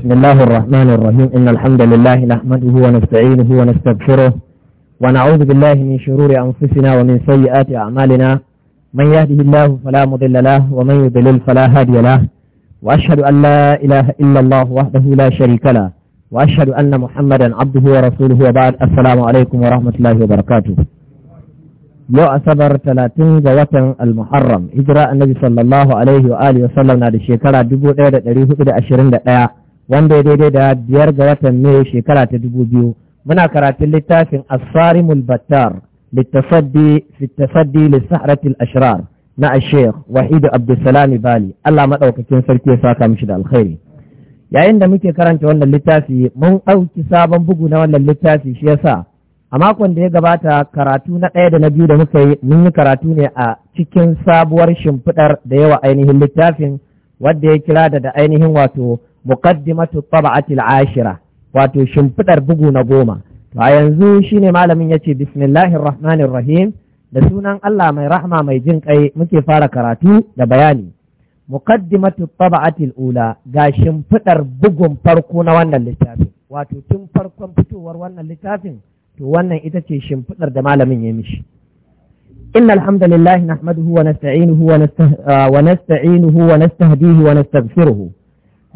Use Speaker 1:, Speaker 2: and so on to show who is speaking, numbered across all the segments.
Speaker 1: بسم الله الرحمن الرحيم إن الحمد لله نحمده ونستعينه ونستغفره ونعوذ بالله من شرور أنفسنا ومن سيئات أعمالنا من يهده الله فلا مضل له ومن يضلل فلا هادي له وأشهد أن لا إله إلا الله وحده لا شريك له وأشهد أن محمدا عبده ورسوله وبعد السلام عليكم ورحمة الله وبركاته yau asabar talatin ga watan almuharram hijira annabi sallallahu alaihi wa alihi wasallam na da shekara dubu ɗaya da ɗari hudu da ashirin da ɗaya wanda ya daidai da biyar ga watan Mai shekara ta dubu biyu. Muna karatun littafin Asarimul Battar, littafaddi littasaddi lissaharatul na Ashir Wahidu Abdulsalami Bali, Allah maɗaukakin sarki ya saka mishi da alkhairi. Yayin da muke karanta wannan littafi, mun ɗauki sabon bugu na wannan littafi shi yasa a makon da ya gabata karatu na ɗaya da na biyu da muka yi mun yi karatu ne a cikin sabuwar shimfiɗar da yawa ainihin littafin wadda ya kira da da ainihin wato muqaddimatu tab'ati al-ashira wato shimfidar bugu na goma to a yanzu shine malamin yace bismillahir rahmanir rahim da sunan Allah mai rahma mai jin kai muke fara karatu da bayani muqaddimatu tab'ati al-ula ga shimfidar bugun farko na wannan littafin wato tun farkon fitowar wannan littafin to wannan ita ce shimfidar da malamin ya mishi إن الحمد لله نحمده ونستعينه ونستعينه ونستهديه ونستغفره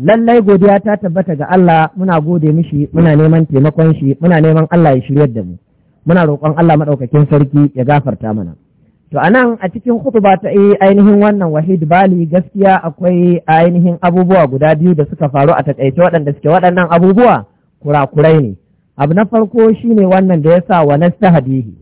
Speaker 1: lallai godiya ta tabbata ga Allah muna gode mishi muna neman taimakon shi muna neman Allah ya shiryar da mu muna roƙon Allah maɗaukakin sarki ya gafarta mana to anan a cikin khutba ta eh, ainihin wannan wahid bali gaskiya akwai ainihin abubuwa guda biyu da suka faru a takaice waɗanda suke waɗannan abubuwa kurakurai ne abu na farko shine wannan da ya sa wa nastahdihi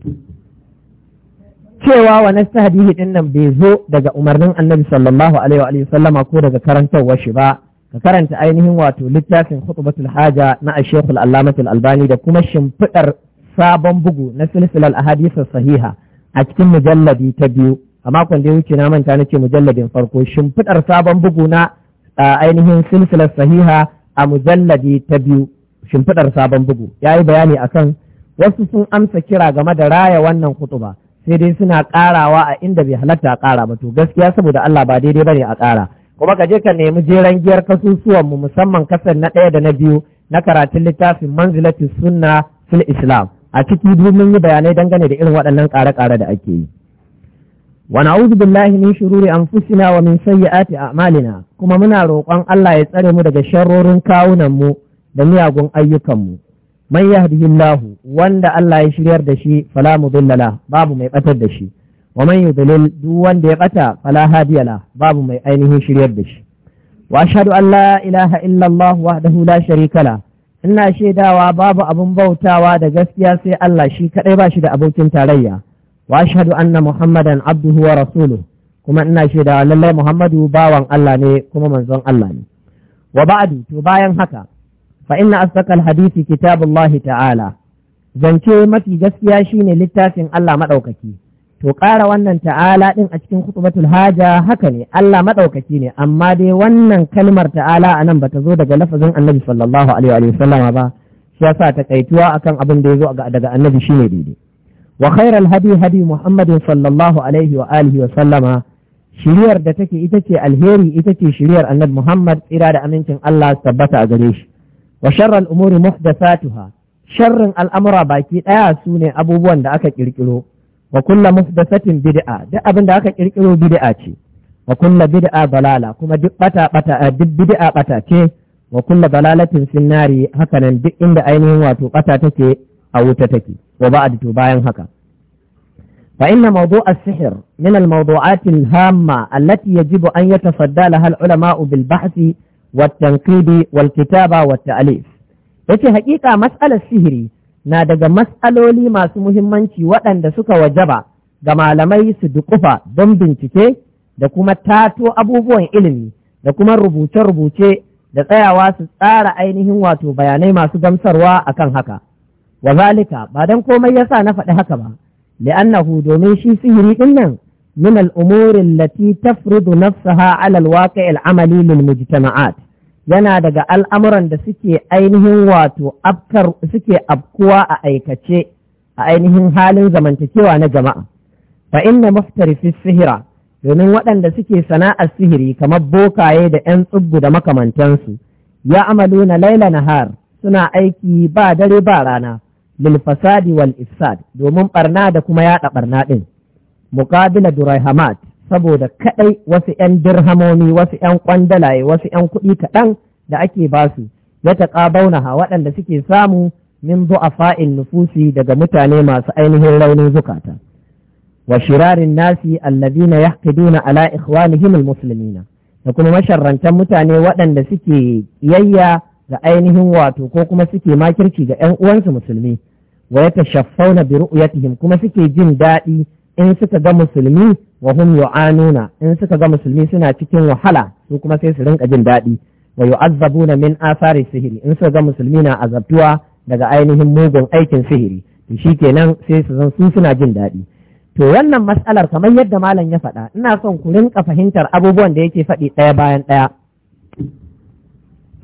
Speaker 1: cewa wa nastahdihi din nan bai zo daga umarnin annabi sallallahu alaihi wa sallama ko daga karantar shi ba ka karanta ainihin wato littafin khutbatul haja na ashekul al albani da kuma shimfiɗar sabon bugu na silsilar hadisar sahiha a cikin mujalladi ta biyu a makon da ya wuce na manta nace mujalladin farko Shimfiɗar sabon bugu na ainihin silsilar sahiha a mujalladi ta biyu Shimfiɗar sabon bugu Ya yi bayani akan wasu sun amsa kira game da raya wannan kutuba sai dai suna ƙarawa a inda bai halatta a kara ba to gaskiya saboda Allah ba daidai bane a ƙara. kuma ka je ka nemi jeran giyar kasusuwan mu musamman kasar na ɗaya da na biyu na karatun littafin manzilatin sunna fil islam a ciki duk yi bayanai dangane da irin waɗannan ƙare-ƙare da ake yi wa na'udhu billahi min shururi anfusina wa min sayyiati a'malina kuma muna roƙon Allah ya tsare mu daga sharrorin kawunan mu da miyagun ayyukan mu man yahdihillahu wanda Allah ya shiryar da shi fala billala babu mai batar da shi wa man yudlil duk wanda ya bata fala hadiya la babu mai ainihin shiryar da shi wa ashhadu an la ilaha illa Allah wahdahu la sharika la ina shaidawa babu abun bautawa da gaskiya sai Allah shi kadai ba shi da abokin tarayya wa ashhadu anna muhammadan abduhu wa rasuluhu kuma ina shaidawa lallai muhammadu bawan Allah ne kuma manzon Allah ne wa ba'du to bayan haka fa inna asdaqal hadisi kitabullahi ta'ala zance mafi gaskiya shine littafin Allah madaukaki to ƙara wannan ta'ala ɗin a cikin khutbatul haja haka ne Allah maɗaukaki ne amma dai wannan kalmar ta'ala a nan bata zo daga lafazin annabi sallallahu alaihi wa sallama ba shi yasa a akan abin da ya zo daga annabi shine daidai wa khairal hadi hadi muhammadin sallallahu alaihi wa alihi wa sallama shiriyar da take ita ce alheri ita ce shiriyar annabi muhammad tsira da amincin Allah tabbata a gare shi wa sharral umuri muhdathatuha sharrin al'amura baki ɗaya su ne abubuwan da aka ƙirƙiro. wa kullu muhdathatin bid'a duk abin da aka kirkiro bid'a ce wa kullu bid'a balala kuma duk bata bata eh, duk bid'a bata ce wa kullu balalatin finnari haka nan duk inda ainihin wato bata take a wuta take wa ba'd to bayan haka fa inna mawdu' as-sihr min al-mawdu'at al-hamma allati yajibu an yatasadda laha al-ulama'u bil bahthi wat tanqidi wal kitaba wata ta'lif yace haƙiƙa mas'alar sihiri na daga matsaloli masu muhimmanci waɗanda suka wajaba ga malamai su dukufa don bincike da kuma tato abubuwan ilimi da kuma rubuce-rubuce da tsayawa su tsara ainihin wato bayanai masu gamsarwa a kan haka. Wa zalika ba don komai ya sa na faɗi haka ba, li'annahu domin shi sihiri ɗin nan min al'umurin lati tafridu nafsaha alal waƙi al'amali lil mujtama'at. yana daga al'amuran da suke ainihin wato abkar suke abkuwa a aikace a ainihin halin zamantakewa na jama'a fa inna fi sihira domin waɗanda suke sana'ar sihiri kamar bokaye da 'yan tsubbu da makamantansu ya amalu na laila nahar suna aiki ba dare ba rana lil fasadi wal isad domin ɓarna da kuma yaɗa barna ɗin durai Hamad. saboda kaɗai wasu 'yan dirhamomi wasu 'yan kwandalaye wasu 'yan kuɗi kaɗan da ake basu ya taƙabaunaha waɗanda suke samu min fa'in nufusi daga mutane masu ainihin raunin zukata wa shirarin nasi alladina yahqiduna ala ikhwanihim musulmina da kuma masharrantar mutane waɗanda suke yayya ga ainihin wato ko kuma suke makirci ga 'yan uwansu musulmi wa shaffauna bi ru'yatihim kuma suke jin daɗi in suka ga musulmi wa hum yu'anuna in suka ga musulmi suna cikin wahala su kuma sai su rinka jin daɗi wa yu'azzabuna min athari sihiri in suka ga musulmi na azabtuwa daga ainihin mugun aikin sihiri to shikenan sai su zan su suna jin daɗi to wannan mas'alar kamar yadda malam ya faɗa ina son ku rinka fahimtar abubuwan da yake faɗi ɗaya bayan ɗaya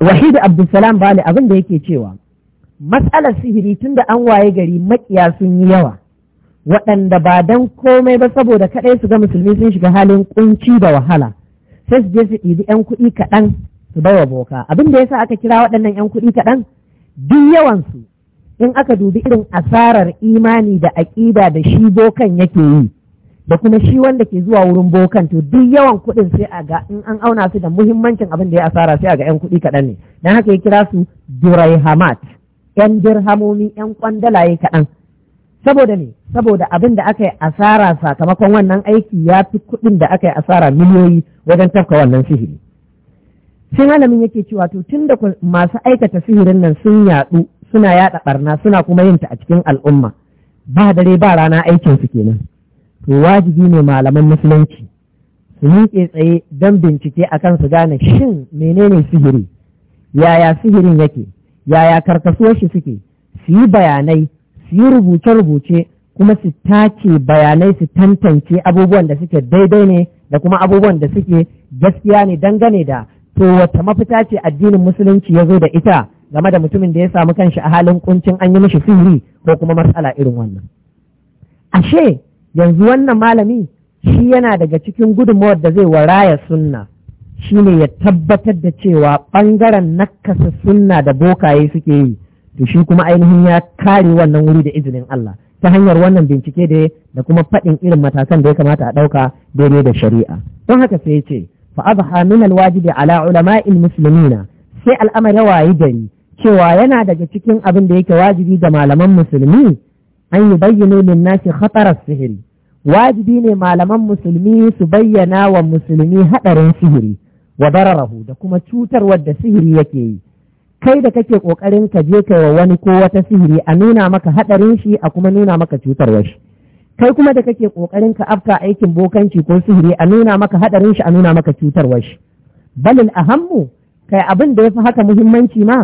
Speaker 1: wahid abdulsalam bali abin da yake cewa matsalar sihiri tunda an waye gari makiya sun yi yawa waɗanda ba dan komai ba saboda kaɗai su ga musulmi sun shiga halin kunci da wahala sai su je su ɗibi 'yan kuɗi kaɗan su bawa boka abin da yasa aka kira waɗannan 'yan kuɗi kaɗan duk yawansu in aka dubi irin asarar imani da aƙida da shi bokan yake yi da kuma shi wanda ke zuwa wurin bokan to duk yawan kuɗin sai a ga in an auna su da muhimmancin abin da ya asara sai a ga 'yan kuɗi kaɗan ne don haka ya kira su durai hamat 'yan dirhamomi 'yan kwandalaye kaɗan saboda ne saboda abin da aka yi asara sakamakon wannan aiki ya fi kuɗin da aka yi asara miliyoyi wajen tafka wannan sihiri sai malamin yake cewa to tun da masu aikata sihirin nan sun yaɗu suna yaɗa ɓarna suna kuma yin ta a cikin al'umma ba dare ba rana aikin su kenan to wajibi ne malaman musulunci su miƙe tsaye don bincike akan su gane shin menene sihiri yaya sihirin yake yaya karkasuwar shi suke su yi bayanai su yi rubuce-rubuce kuma su tace bayanai su tantance abubuwan da suke daidai ne da kuma abubuwan da suke gaskiya ne dangane da to wata mafita ce addinin musulunci ya zo da ita game da mutumin da ya samu kanshi a halin kuncin an yi mishi sihiri ko kuma matsala irin wannan ashe yanzu wannan malami shi yana daga cikin gudunmawar da zai waraya sunna shine ya tabbatar da cewa ɓangaren nakasa sunna da bokaye suke yi to shi kuma ainihin ya kare wannan wuri da izinin Allah ta hanyar wannan bincike da da kuma faɗin irin matakan da ya kamata a ɗauka daidai da shari'a don haka sai ya ce fa azha min alwajibi ala ulama'il muslimina sai al'amari ya wayi gari cewa yana daga cikin abin da yake wajibi ga malaman musulmi an yi bayyana lin nasi khatarar sihiri wajibi ne malaman musulmi su bayyana wa musulmi haɗarin sihiri wa dararahu da kuma cutarwar da sihiri yake yi kai da kake kokarin ka je kai wa wani ko wata sihiri a nuna maka hadarin shi a kuma nuna maka cutarwar shi kai kuma da kake kokarin ka afka aikin bokanci ko sihiri a nuna maka hadarin shi a nuna maka cutarwar shi balil ahammu kai abin da yafi haka muhimmanci ma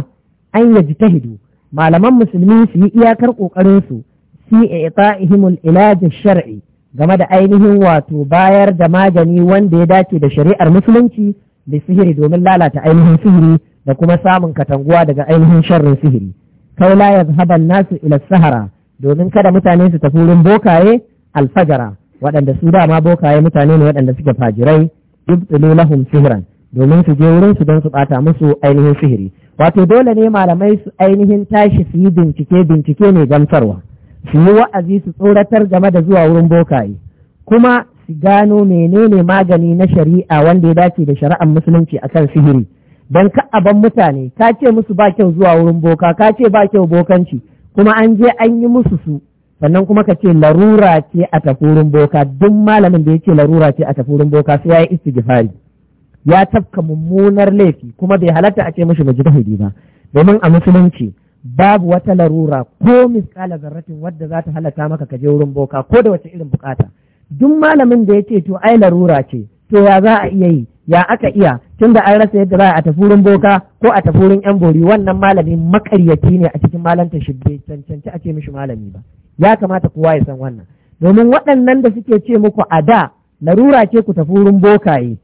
Speaker 1: an yaji tahidu malaman musulmi su yi iyakar kokarin su fi ita'ihimul ilaj shar'i game da ainihin wato bayar da magani wanda ya dace da shari'ar musulunci da sihiri domin lalata ainihin sihiri da kuma samun katanguwa daga ainihin sharrin sihiri kai la yazhaban nasu ila sahara domin kada mutane su tafi wurin bokaye alfajara waɗanda su dama bokaye mutane ne waɗanda suke fajirai yubtilu lahum sihran domin su je wurin su don su bata musu ainihin sihiri wato dole ne malamai su ainihin tashi su yi bincike bincike ne gamsarwa su yi wa'azi su tsoratar game da zuwa wurin bokaye kuma su gano menene magani na shari'a wanda ya dace da shari'ar musulunci akan sihiri don ka'aban mutane ka ce musu ba kyau zuwa wurin boka ka ce ba kyau bokanci kuma an je an yi musu su sannan kuma ka ce larura ce a tafurin boka duk malamin da ya ce larura ce a tafurin boka sai ya yi istighfari ya tafka mummunar laifi kuma bai halatta a ce mishi mujtahidi ba domin a musulunci babu wata larura ko misƙala zarratin wadda za ta halatta maka ka je wurin boka ko da wace irin bukata duk malamin da ya ce to ai larura ce to ya za a iya yi ya aka iya tun da an rasa yadda za a tafi wurin boka ko a tafi wurin yan bori wannan malami makaryaci ne a cikin malanta shi bai cancanci a ce mishi malami ba ya kamata kowa ya san wannan domin waɗannan da suke ce muku a da larura ce ku tafi wurin bokaye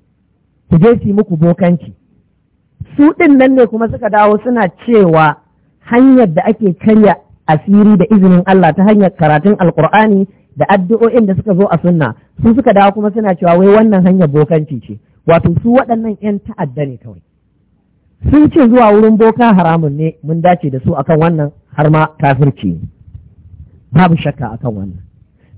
Speaker 1: ku je su muku bokanci su ɗin nan ne kuma suka dawo suna cewa hanyar da ake karya asiri da izinin Allah ta hanyar karatun alkur'ani da addu'o'in da suka zo a sunna su suka dawo kuma suna cewa wai wannan hanyar bokanci ce wato su waɗannan 'yan ta'adda ne kawai sun ce zuwa wurin boka haramun ne mun dace da su akan wannan har ma kafirci babu shakka akan wannan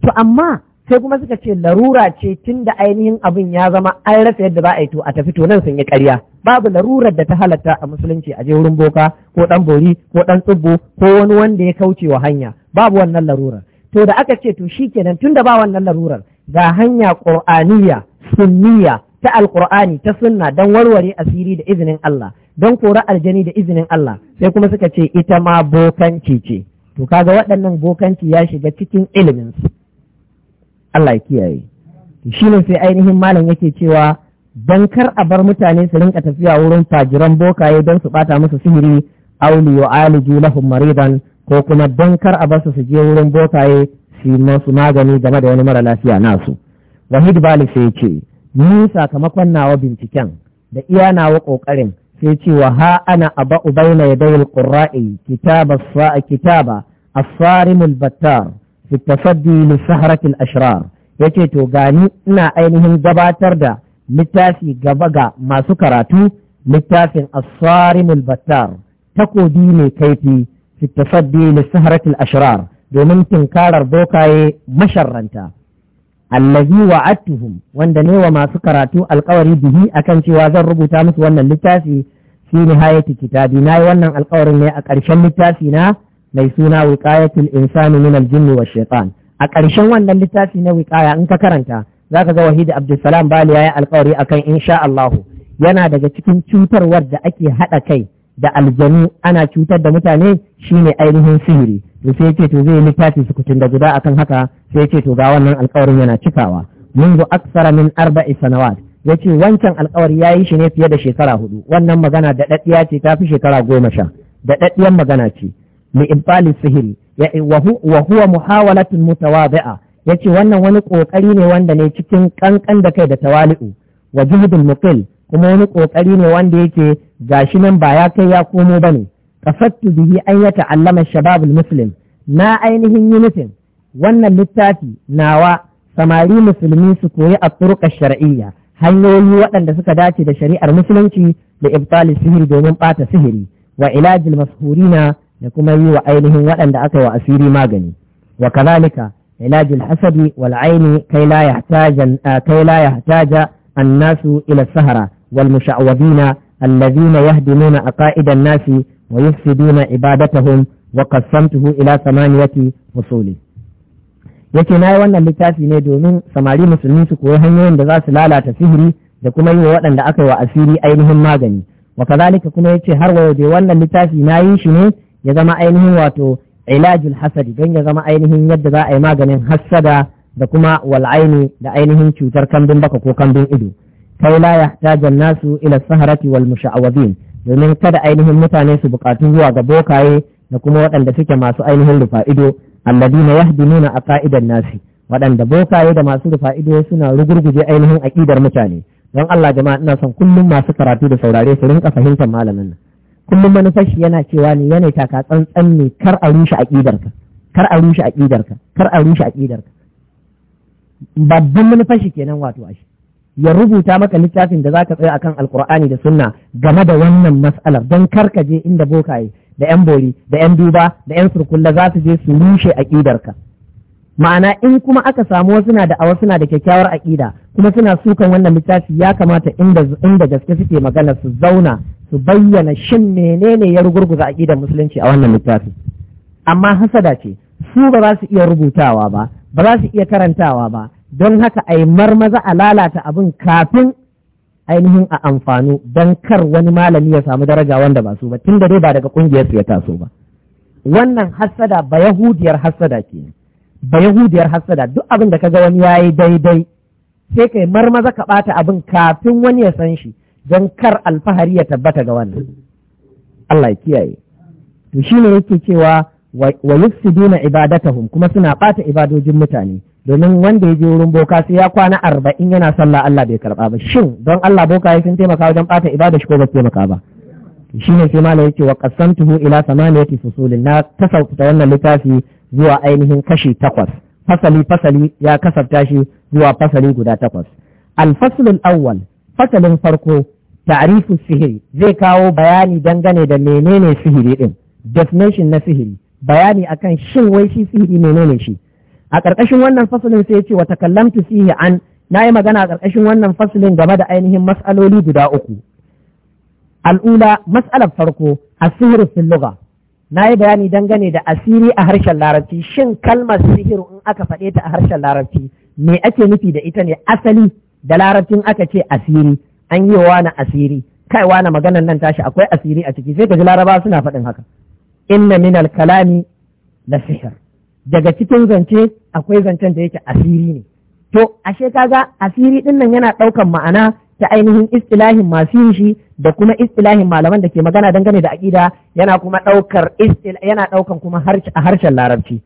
Speaker 1: to amma sai kuma suka ce larura ce tun da ainihin abin ya zama an rasa yadda za a yi to a tafi to nan sun yi ƙarya babu larurar da ta halatta a musulunci a je wurin boka ko ɗan bori ko ɗan tsibbo ko wani wanda ya kauce wa hanya babu wannan larurar to da aka ce to shi tun da ba wannan larurar ga hanya qur'aniya sunniya ta alqur'ani ta sunna don warware asiri da izinin Allah don kora aljani da izinin Allah sai kuma suka ce ita ma bokanci ce to kaga waɗannan bokanci ya shiga cikin ilimin su Allah ya kiyaye shi ne sai ainihin malam yake cewa don kar a bar mutane su rinka tafiya wurin fajiran bokaye don su bata musu sihiri auli wa aliju lahum maridan ko kuma don kar a basu su je wurin bokaye su yi masu magani game da wani mara lafiya nasu wahid bali sai ce ni sakamakon nawa binciken da iya nawa ƙoƙarin? sai ce wa ha ana aba ubaina yadayil qurra'i kitaba sa'a kitaba as-sarimul battar fi tasaddi li ashirar, ashrar yace to gani ina ainihin gabatar da littafi gaba ga masu karatu littafin as-sarimul battar takobi mai kaifi fi tafaddi lisaharatil ashrar domin tinkarar bokaye masharranta allazi wa'adtuhum wanda ne wa masu karatu alkawari bihi akan cewa zan rubuta musu wannan littafi fi hayati kitabi na yi wannan alkawarin ne a ƙarshen littafi na mai suna wiqayatul insani min aljinni wa shaitan a ƙarshen wannan littafi na wiqaya in ka karanta zaka ga wahidi abdulsalam bali yayi alkawari akan insha Allah yana daga cikin cutarwar da ake haɗa kai da aljanu ana cutar da mutane shine ainihin sihiri to sai ce to zai littafi sukutun da guda akan haka sai ce to ga wannan alkawarin yana cikawa منذ أكثر من أربع سنوات yace wancan alkawari ya yi shi ne fiye da shekara hudu wannan magana da daddiya ce ta fi shekara goma sha da daddiyar magana ce li ibali sihiri wa huwa muhawalatun mutawadi'a yace wannan wani kokari ne wanda ne cikin kankan da kai da tawali'u wa juhdul muqil kuma wani kokari ne wanda yake gashi nan ba ya kai ya komo bane kafattu bihi an ya ta'allama shababul muslim na ainihin yi nufin wannan littafi nawa samari musulmi su koyi a turka shar'iyya hanyoyi waɗanda suka dace da shari'ar musulunci da ibtali sihiri domin bata sihiri wa ilajil mashhurina da kuma yi wa ainihin waɗanda aka wa asiri magani wa kazalika ilajil hasadi wal aini kai la yahtaja eh, kai la yahtaja annasu ila sahara wal musha'wadina الذين يهدمون عقائد الناس ويفسدون عبادتهم وقسمته إلى ثمانية فصول yake na yi wannan littafi ne domin samari musulmi su koyi hanyoyin da za su lalata sihiri da kuma yi wa waɗanda aka yi wa asiri ainihin magani wa kazalika kuma yace har wa wannan littafi na yi shi ne ya zama ainihin wato ilajul hasadi don ya zama ainihin yadda za a yi maganin hassada da kuma wal'aini da ainihin cutar kambin baka ko kambin ido kai la yahtaja nasu ila saharati wal musha'awabin domin kada ainihin mutane su bukatu zuwa ga bokaye da kuma waɗanda suke masu ainihin rufa ido alladina yahdinuna aqaidan nasi waɗanda bokaye da masu rufa ido suna rugurguje ainihin aƙidar mutane don Allah jama'a ina son kullum masu karatu da saurare su rinka fahimtar malamin nan kullum manufar shi yana cewa ne yana taka tsantsan ne kar a rushe aƙidarka kar a rushe aƙidarka kar a rushe aƙidarka babban manufar shi kenan wato ashe ya rubuta maka littafin da za ka tsaya akan alkur'ani da sunna game da wannan mas'alar don kar ka je inda bokaye da yan bori da yan duba da yan surkulla za su je su rushe aƙidarka ma'ana in kuma aka samu wasu na da awa na da kyakkyawar aƙida kuma suna sukan wannan littafi ya kamata inda inda gaske suke magana su zauna su bayyana shin menene ya rugurguza aƙidar musulunci a wannan littafi amma hasada ce su ba za su iya rubutawa ba ba za su iya karantawa ba don haka a yi marmaza a lalata abin kafin ainihin a amfanu don kar wani malami ya samu daraja wanda ba su ba tun da dai ba daga ƙungiyar su ya taso ba wannan hassada ba yahudiyar hassada ke ba yahudiyar hassada duk abin da kaga wani yayi daidai sai kai marmaza ka bata abin kafin wani ya san shi don kar alfahari ya tabbata ga wannan Allah ya kiyaye to shine yake cewa wa yufsiduna ibadatahum kuma suna bata ibadojin mutane domin wanda ya je wurin boka sai ya kwana arba'in yana sallah Allah bai karba ba shin don Allah boka ya sun taimaka wajen bata ibada shi ko ba taimaka ba shine sai malai yake wa qasamtuhu ila samaniyati fusulin na tasawuta wannan littafi zuwa ainihin kashi takwas fasali fasali ya kasafta shi zuwa fasali guda takwas al-fasl al-awwal fasalin farko ta'rifu sihiri zai kawo bayani dangane da menene sihiri din definition na sihiri bayani akan shin wai shi sihiri menene shi a ƙarƙashin wannan fasalin sai ce wa takallamtu fihi an na yi magana a ƙarƙashin wannan fasalin game da ainihin mas'aloli guda uku al'ula mas'alar farko asiru fil lugha na yi bayani dangane da asiri a harshen larabci shin kalmar sihir in aka faɗe ta a harshen larabci me ake nufi da ita ne asali da larabcin aka ce asiri an yi wa na asiri kai na maganar nan tashi akwai asiri a ciki sai ka ji laraba suna faɗin haka inna min kalami na sihir daga cikin zance akwai zancen da yake asiri ne to ashe kaga asiri ɗin nan yana ɗaukan ma'ana ta ainihin istilahin masu yin shi da kuma istilahin malaman da ke magana dangane da aƙida yana kuma ɗaukar yana ɗaukan kuma a harshen larabci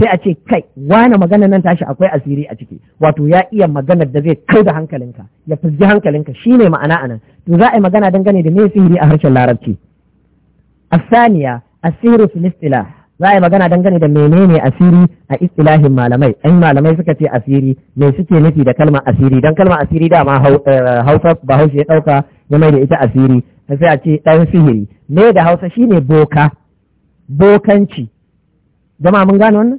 Speaker 1: sai a ce kai wane magana nan tashi akwai asiri a ciki wato ya iya maganar da zai kai da hankalinka ya fizgi hankalinka Shi ne ma'ana a nan to za a yi magana dangane da me sihiri a harshen larabci asaniya asiru filistila za a yi magana dangane da menene asiri a istilahin malamai ɗan malamai suka ce asiri me suke nufi da kalma asiri don kalma asiri dama eh, hausa hausa ya ɗauka ya mai da ita asiri sai a ce ɗan sihiri me da hausa shine boka bokanci jama'a mun gane wannan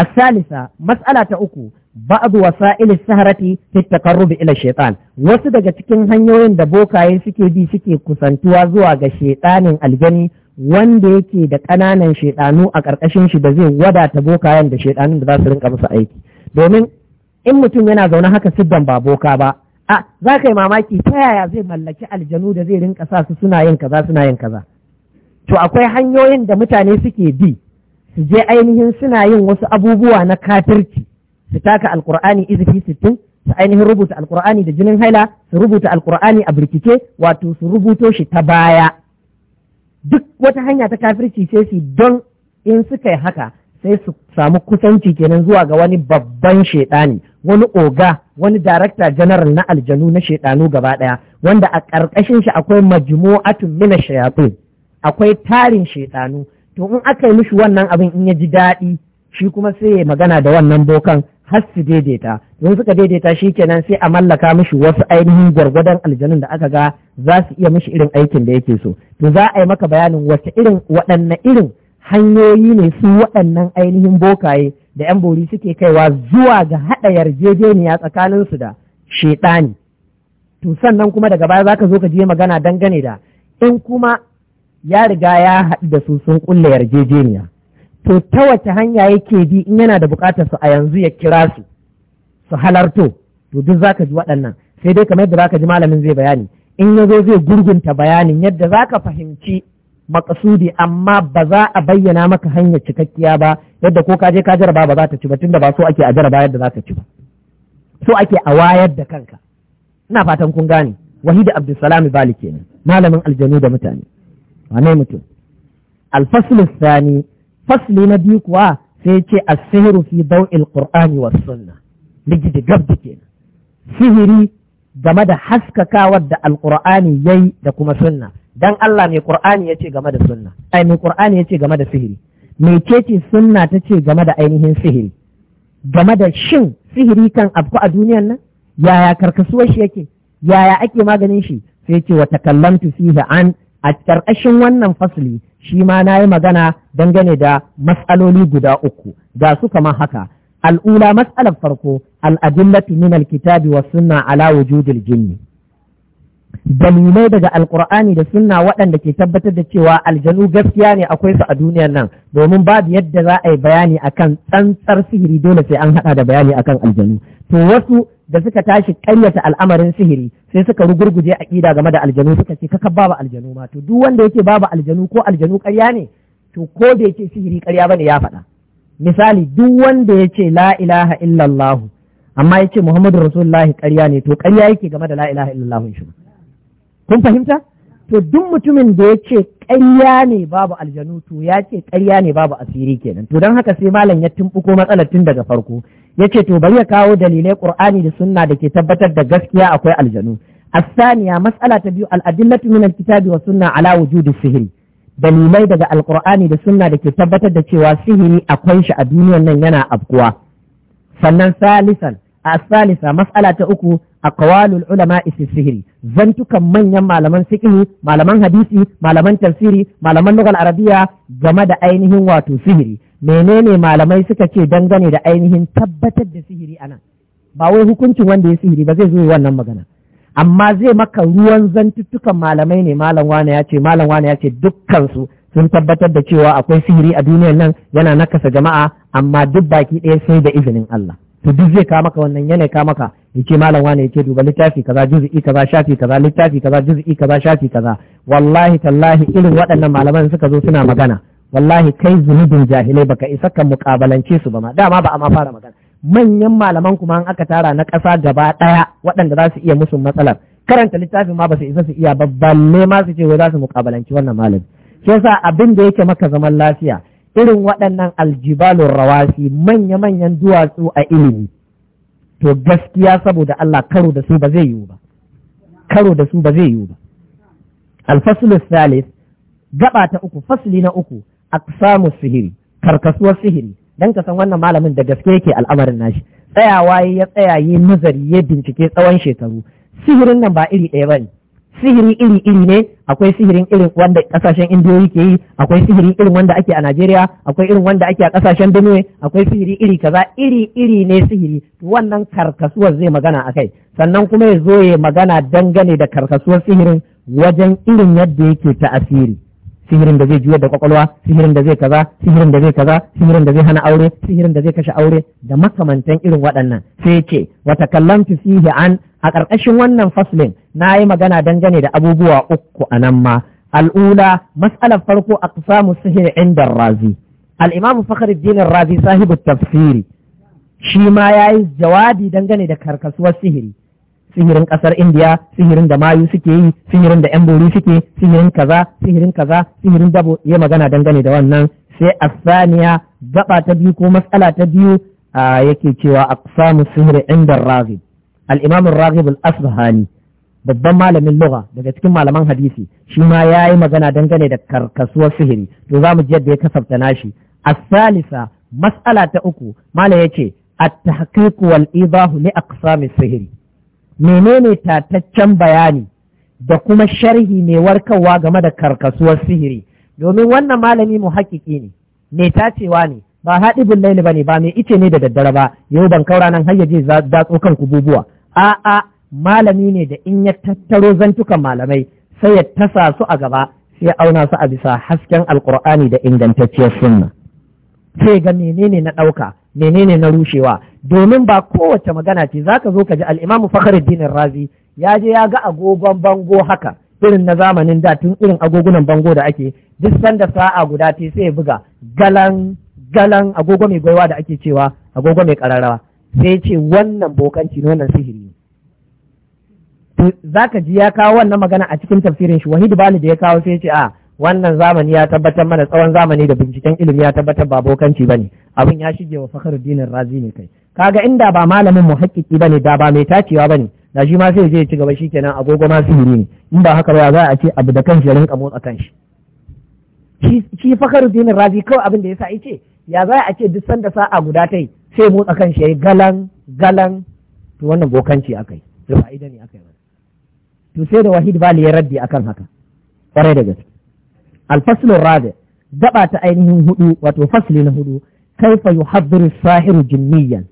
Speaker 1: الثالثة مسألة أكو بعض وسائل السهرة في التقرب إلى الشيطان wasu daga cikin hanyoyin da bokaye suke bi suke kusantuwa zuwa ga shaitanin aljani wanda yake da ƙananan shaidanu a ƙarƙashin shi da zai wadata bokayen da shaidanun da za su rinka musu aiki domin in mutum yana zaune haka siddan ba boka ba a za ka yi mamaki ta yaya zai mallaki aljanu da zai rinka sa su suna yin kaza suna yin kaza to akwai hanyoyin da mutane suke bi su je ainihin suna yin wasu abubuwa na kafirci su taka alkur'ani izifi sittin su ainihin rubuta alkur'ani da jinin haila su rubuta alkur'ani a birkice wato su rubuto shi ta baya duk wata hanya ta kafirci ce su don in suka yi haka sai su samu kusanci kenan zuwa ga wani babban shaidani wani oga wani darakta janaral na aljanu na shaidanu gaba ɗaya, wanda a ƙarƙashin shi akwai majmu'atun mina shayatin akwai tarin shaidanu to in aka yi mishi wannan abin in ya ji daɗi shi kuma sai ya magana da wannan bokan har su daidaita don suka daidaita shi kenan sai a mallaka mishi wasu ainihin gwargwadon aljanun da aka ga za su iya mishi irin aikin da yake so to za a yi maka bayanin wasu irin waɗanne irin hanyoyi ne su waɗannan ainihin bokaye da yan bori suke kaiwa zuwa ga haɗa yarjejeniya tsakanin su da shaiɗani to sannan kuma daga baya za ka zo ka je magana dangane da in kuma ya riga ya haɗu da su sun ƙulla yarjejeniya to ta wace hanya yake bi in yana da bukatar su a yanzu ya kira su su halarto to duk zaka ji waɗannan sai dai kamar yadda zaka ji malamin zai bayani in ya zo zai gurgunta bayanin yadda zaka fahimci makasudi amma ba za a bayyana maka hanyar cikakkiya ba yadda ko ka je ka jaraba ba za ta ci ba tunda ba so ake a jaraba yadda za ci ba so ake a wayar da kanka ina fatan kun gane wahida abdulsalam bali kenan malamin aljanu da mutane wane mutum الفصل thani fasli na biyu kuwa sai ce asihiru sihru fi daw'il qur'ani wa sunna ligidi da kenan sihiri game da haskakawar da alqur'ani yayi da kuma sunna dan Allah mai qur'ani yace game da sunna ai mai qur'ani yace game da sihiri mecece sunna ta ce game da ainihin sihiri game da shin sihiri kan abu a duniyan nan yaya karkasuwar shi yake yaya ake maganin shi sai ce wa takallamtu da an a karkashin wannan fasli shi ma na yi magana dangane da matsaloli guda uku ga su kamar haka al'ula matsalar farko al'adillatu min alkitabi wa sunna ala wujudil jinni dalilai daga alkur'ani da sunna waɗanda ke tabbatar da cewa aljanu gaskiya ne akwai su a duniyar nan domin babu yadda za a yi bayani akan tsantsar sihiri dole sai an haɗa da bayani akan aljanu to wasu da suka tashi karyata al'amarin sihiri sai suka rugurguje aƙida game da aljanu suka ce kaka babu aljanu ma to duk wanda yake babu aljanu ko aljanu ƙarya ne to ko da yake sihiri ƙarya bane ya faɗa misali duk wanda ya ce la ilaha illallah amma ya ce muhammadu rasulullahi ƙarya ne to ƙarya yake game da la ilaha illallah shi kun fahimta to duk mutumin da ya ce ƙarya ne babu aljanu to ya ce ƙarya ne babu asiri kenan to don haka sai malam ya tumbuko matsalar tun daga farko Ya ce to bari ya kawo dalilai qur'ani da sunna da ke tabbatar da gaskiya akwai aljanu biyu مسألة بيو الأدلة من wa sunna ala wujudi sihiri. dalilai daga alkur'ani da sunna da ke tabbatar da cewa sihiri akwai shi a duniyar nan yana afkuwa sannan salisan a salisa mas'ala ta uku aqwalul ulama isi sihiri zantukan manyan malaman Sikiri, malaman hadisi malaman tafsiri malaman lugal arabiya game da ainihin wato sihiri menene malamai suka ce dangane da ainihin tabbatar da sihiri nan? ba wai hukuncin wanda ya sihiri ba zai zo wannan magana amma zai maka ruwan zantuttukan malamai ne malam wane ya ce malam wane ya ce dukkansu sun tabbatar da cewa akwai sihiri a duniyar nan yana nakasa jama'a amma duk baki ɗaya sai da izinin Allah to duk zai kama maka wannan yana ka? maka yace malam wane yace duba littafi kaza juz'i kaza shafi kaza littafi kaza juz'i kaza shafi kaza wallahi tallahi irin waɗannan malaman suka zo suna magana wallahi kai zunubin jahilai baka isa ka mukabalance su ba ma dama ba a ma fara magana manyan malaman kuma an aka tara na ƙasa gaba ɗaya waɗanda za su iya musu matsalar karanta littafin ma ba su isa su iya ba balle ma su ce wai za su mukabalanci wannan malami shi yasa abin da yake maka zaman lafiya irin waɗannan aljibalun rawasi manya-manyan duwatsu a ilimi to gaskiya saboda Allah karo da su ba zai yiwu ba karo da su ba zai yiwu ba alfasul salis gaba ta uku fasli na uku aqsamu sihiri karkasuwar sihiri don ka san wannan malamin da gaske yake al'amarin nashi tsayawa ya tsaya yi nazari ya bincike tsawon shekaru sihirin nan ba iri ɗaya bane sihiri iri iri ne akwai sihirin irin wanda kasashen indiyoyi ke yi akwai sihiri irin wanda ake a Najeriya akwai irin wanda ake a kasashen Benue akwai sihiri iri kaza iri iri ne sihiri wannan karkasuwar zai magana akai sannan kuma ya zo ya magana dangane da karkasuwar sihirin wajen irin yadda yake ta asiri sihirin da zai juyar da kwakwalwa sihirin da zai kaza sihirin da zai kaza sihirin da zai hana aure sihirin da zai kashe aure da makamantan irin waɗannan sai ce wata kallamtu fihi an a ƙarƙashin wannan faslin na yi magana dangane da abubuwa uku a nan ma al'ula mas'alar farko a samu sihir inda razi al'imamu fakhruddin razi sahibu tafsiri shi ma ya yi jawabi dangane da karkasuwar sihiri sihirin kasar indiya sihirin da mayu suke yi sihirin da yan bori suke sihirin kaza sihirin kaza sihirin dabo ya magana dangane da wannan sai asaniya gaba ta biyu ko matsala ta biyu yake cewa aqsamu sihri inda raghib al-imam raghib al-asbahani babban malamin lugha daga cikin malaman hadisi shi ma yayi magana dangane da karkasuwar sihiri to za mu ji yadda ya kasafta nashi Asalisa mas'ala ta uku mala yace at-tahqiq wal idahu li aqsami sihri menene tataccen bayani da kuma sharhi mai warkarwa game da karkasuwar sihiri domin wannan malami mu hakiki ne mai tacewa ne ba haɗibin laili ba ne ba mai ice ne da daddare ba yau ban kaura nan har yaje datso kan kububuwa a'a malami ne da in ya tattaro zantukan malamai sai ya tasa su a gaba sai ya auna su a bisa hasken alkur'ani da ingantacciyar sunna sai ga menene na ɗauka menene na rushewa domin ba kowace magana ce zaka zo ka ji al'imamu imam Fakhruddin Razi ya je ya ga agogon bango haka irin na zamanin da tun irin agogunan bango da ake duk sanda sa'a guda ce sai ya buga galan galan agogo mai gwaiwa da ake cewa agogo mai kararrawa sai ce wannan bokanci ne wannan sihiri ne zaka ji ya kawo wannan magana a cikin tafsirin shi wani dubali da ya kawo sai ce a wannan zamani ya tabbatar mana tsawon zamani da binciken ilimi ya tabbatar ba bokanci bane abin ya shige wa fakhruddin razi ne kai kaga inda ba malamin mu haƙiƙi bane da ba mai tacewa bane da shi ma sai zai ci gaba shikenan agogo ma sihiri ne in ba haka ba za a ce abu da kanshi ya rinka motsa kanshi shi fakhruddin razi kawai abin da sa yace ya za a ce duk sanda sa'a guda ta yi sai motsa kanshi ya yi galan galan to wannan bokanci akai da fa'ida ne akai to sai da wahid bali ya raddi akan haka ƙwarai da gaske alfaslun rabi gaba ta ainihin hudu wato fasli na hudu kaifa yuhaddiru sahiru jinniyan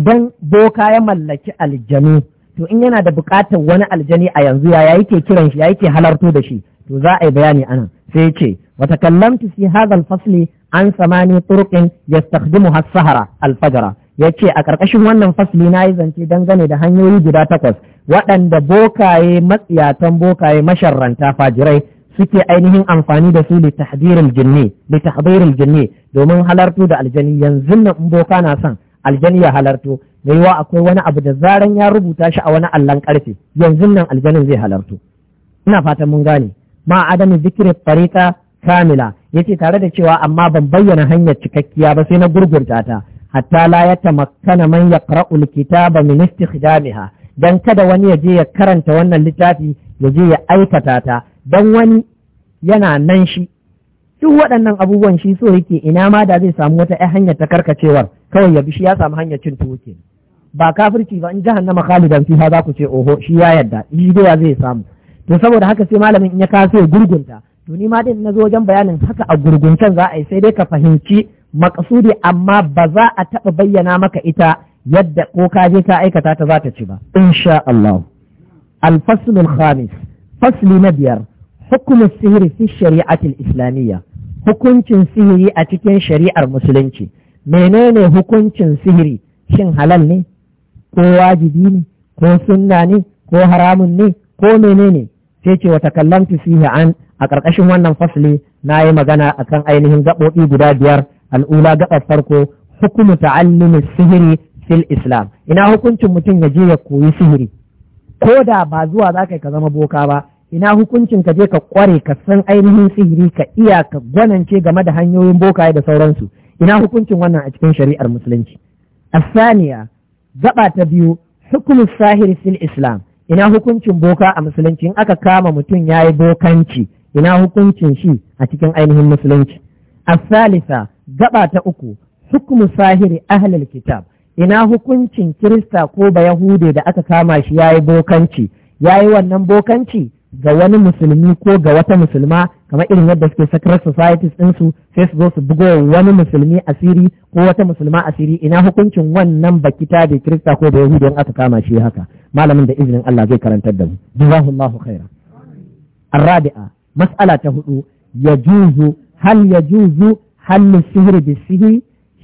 Speaker 1: idan boka ya mallaki aljanu to in yana da buƙatar wani aljani a yanzu ya ke kiran shi ya yake halarto da shi to za a yi bayani anan sai ce wata kallon fi hadha al-fasli an samani turqin yastakhdimuha as-sahara al Ya yace a ƙarƙashin wannan fasli na yi zance dangane da hanyoyi guda takwas waɗanda bokaye matsiyatan bokaye masharranta fajirai suke ainihin amfani da su litahdiril jinni litahdiril jinni domin halartu da aljani yanzu nan in boka na son aljani ya halartu da yawa akwai wani abu da zaran ya rubuta shi a wani allon karfe yanzu nan aljanin zai halartu ina fatan mun gane ma Adamu, zikirin farita kamila yace tare da cewa amma ban bayyana hanyar cikakkiya ba sai na gurgurta ta hatta la ya tamakkana man yaqra'u alkitaba min istikhdamiha dan kada wani ya je ya karanta wannan littafi ya je ya aikata ta don wani yana nan shi duk waɗannan abubuwan shi so yake ina ma da zai samu wata 'yan hanyar ta karkacewar kawai ya bi shi ya samu hanyar cin tuwo ke ba kafirci ba in jahannama khalidan fiha za ku ce oho shi ya yarda shi doya zai samu to saboda haka sai malamin in ya kaso ya gurgunta to ni ma din na zo wajen bayanin haka a gurguntan za a yi sai dai ka fahimci makasudi amma ba za a taɓa bayyana maka ita yadda ko ka je ka aikata ta za ta ci ba insha Allah al-faslul khamis fasli na biyar hukumin sihiri fi shari'atul islamiyya hukuncin sihiri a cikin shari'ar musulunci menene hukuncin sihiri shin halal ne ko wajibi ne ko sunna ne ko haramun ne ko menene sai ce wata kallamtu fihi an a ƙarƙashin wannan fasli na yi magana akan ainihin gaɓoɓi guda biyar al'ula gaɓar farko hukumu ta'allumi sihiri fil islam ina hukuncin mutum ya je ya koyi sihiri ko da ba zuwa za ka zama boka ba ina hukuncin ka je ka kware ka san ainihin sihiri ka iya ka gwanance game da hanyoyin bokaye da sauransu ina hukuncin wannan a cikin shari'ar musulunci asaniya gaba ta biyu hukumus sahir fil islam ina hukuncin boka a musulunci in aka kama mutum yayi bokanci ina hukuncin shi a cikin ainihin musulunci asalisa gaba ta uku hukumu sahiri ahlul kitab ina hukuncin kirista ko bayahude da aka kama shi yayi bokanci yayi wannan bokanci ga wani musulmi ko ga wata musulma kamar irin yadda suke secret societies ɗinsu sai su zo su bugo wani musulmi asiri ko wata musulma asiri ina hukuncin wannan bakita da kirista ko da yahudi in aka kama shi haka malamin da izinin Allah zai karantar da mu jazakumullahu khaira الرابعة مسألة هدو يجوز هل يجوز هل السهر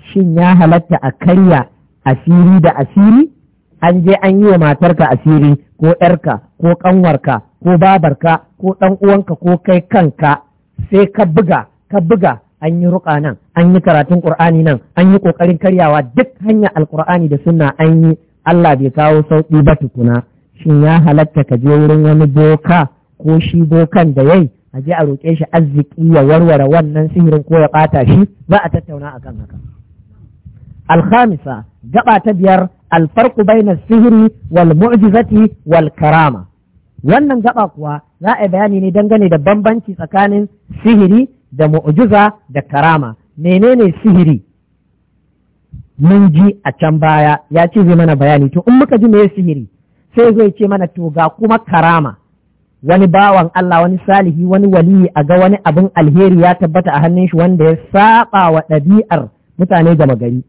Speaker 1: Shin ya halatta a karya asiri da asiri? an je an yi wa matarka asiri ko ‘yarka ko ƙanwarka ko babarka ko ɗan uwanka ko kai kanka sai ka buga ka buga an yi ruƙa nan an yi karatun ƙur'ani nan an yi ƙoƙarin karyawa duk hanyar alƙur'ani da sunna an yi Allah bai kawo sauƙi ba tukuna shin ya halatta ka je wurin wani boka ko shi bokan da yayi a je a roƙe shi arziki ya warware wannan sihirin ko ya ɓata shi za a tattauna akan haka alhamisa gaba ta biyar alfarku baina sihiri wal mu'jizati wal karama wannan gaba kuwa za a bayani ne dangane da bambanci tsakanin sihiri da mu'ujiza, da karama menene sihiri mun ji a can baya ya ce zai mana bayani to in muka ji me sihiri sai zai ce mana to ga kuma karama wani bawan Allah wani salihi wani waliyi a ga wani abin alheri ya tabbata a hannun shi wanda ya saba wa ɗabi'ar mutane gama gari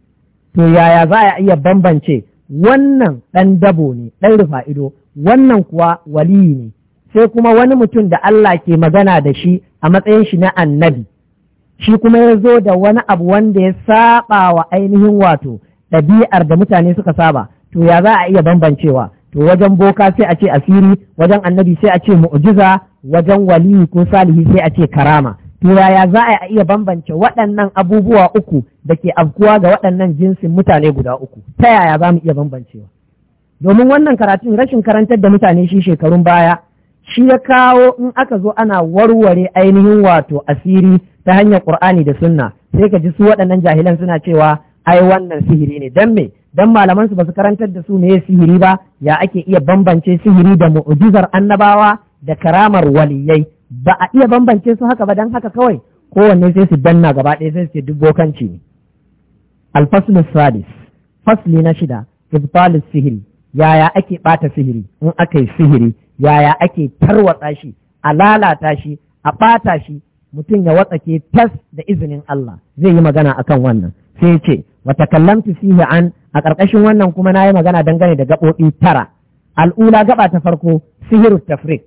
Speaker 1: to yaya za a iya bambance wannan ɗan dabo ne ɗan rufa ido wannan kuwa waliyi ne sai kuma wani mutum da Allah ke magana da shi a matsayin shi na annabi shi kuma ya zo da wani abu wanda ya saba wa ainihin wato ɗabi'ar da mutane suka saba to ya za a iya bambancewa to wajen boka sai a ce asiri wajen annabi sai a ce mu'jiza wajen waliyi ko salihi sai a ce karama to yaya za a iya bambance waɗannan abubuwa uku da ke afkuwa ga waɗannan jinsin mutane guda uku ta yaya za mu iya bambancewa domin wannan karatun rashin karantar da mutane shi shekarun baya shi ya kawo in aka zo ana warware ainihin wato asiri ta hanyar ƙur'ani da sunna sai ka ji su waɗannan jahilan suna cewa ai wannan sihiri ne dan me dan malaman su basu karantar da su ne sihiri ba ya ake iya bambance sihiri da mu'jizar annabawa da karamar waliyai ba a iya bambance su haka ba dan haka kawai kowanne sai su danna gaba ɗaya sai su ce duk bokanci ne sadis fasli na shida ibtalus sihiri yaya ake ɓata sihiri in aka yi sihiri yaya ake tarwatsa shi a lalata shi a ɓata shi mutum ya watsake tas da izinin Allah zai yi magana akan wannan sai ce wata kallamtu fihi an a ƙarƙashin wannan kuma na yi magana dangane da gaɓoɓi tara al'ula gaɓa ta farko sihiru tafrik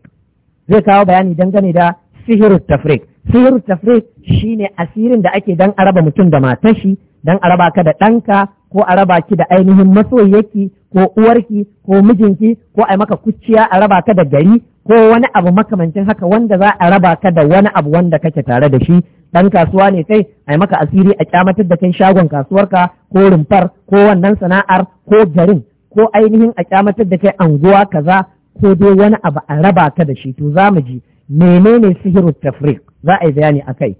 Speaker 1: zai kawo bayani dangane da sihiru tafrik sihiru tafrik shine asirin da ake dan araba mutum da matashi, shi dan araba ka da ɗanka ko a raba ki da ainihin masoyyaki, ko uwarki ko mijinki ko a maka kuciya a raba ka da gari ko wani abu makamancin haka wanda za a raba ka da wani abu wanda kake tare da shi dan kasuwa ne kai a maka asiri a kyamatar da kai shagon kasuwarka ko rumfar ko wannan sana'ar ko garin ko ainihin a kyamatar da kai anguwa kaza ko dai wani abu a raba ka da shi to za mu ji menene sihiru tafriq za a yi bayani akai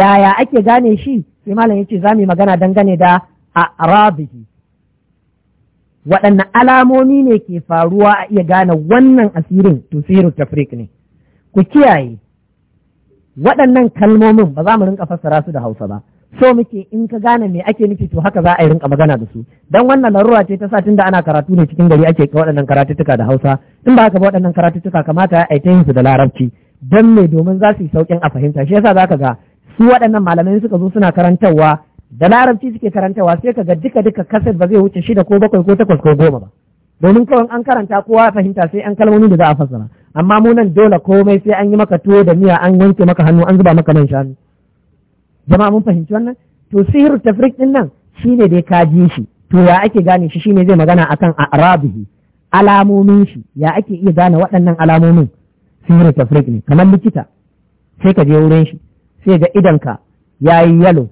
Speaker 1: yaya ake gane shi sai malam yace za mu yi magana dangane da a arabihi waɗanne alamomi ne ke faruwa a iya gane wannan asirin tusirin tafrik ne ku kiyaye waɗannan kalmomin ba za mu rinka fassara su da hausa ba so muke in ka gane me ake nufi to haka za a yi rinka magana da su dan wannan larura ce ta satin da ana karatu ne cikin gari ake ka waɗannan karatuttuka da hausa in ba haka ba waɗannan karatuttuka kamata a ta su da larabci dan me domin za su yi sauƙin a fahimta shi yasa ka ga su waɗannan malamai suka zo suna karantarwa da larabci suke karantawa sai ka ga duka duka kaset ba zai wuce shida ko bakwai ko takwas ko goma ba domin kawai an karanta kowa fahimta sai an kalmomin da za a fassara amma mu nan dole komai sai an yi maka tuwo da miya an yanke maka hannu an zuba maka man shanu jama'a mun fahimci wannan to sihir tafrik din nan shine dai ka ji shi to ya ake gane shi shine zai magana akan arabihi alamomin shi ya ake iya gane waɗannan alamomin sihir tafrik ne kamar likita sai ka je wurin shi sai ga idanka yayi yalo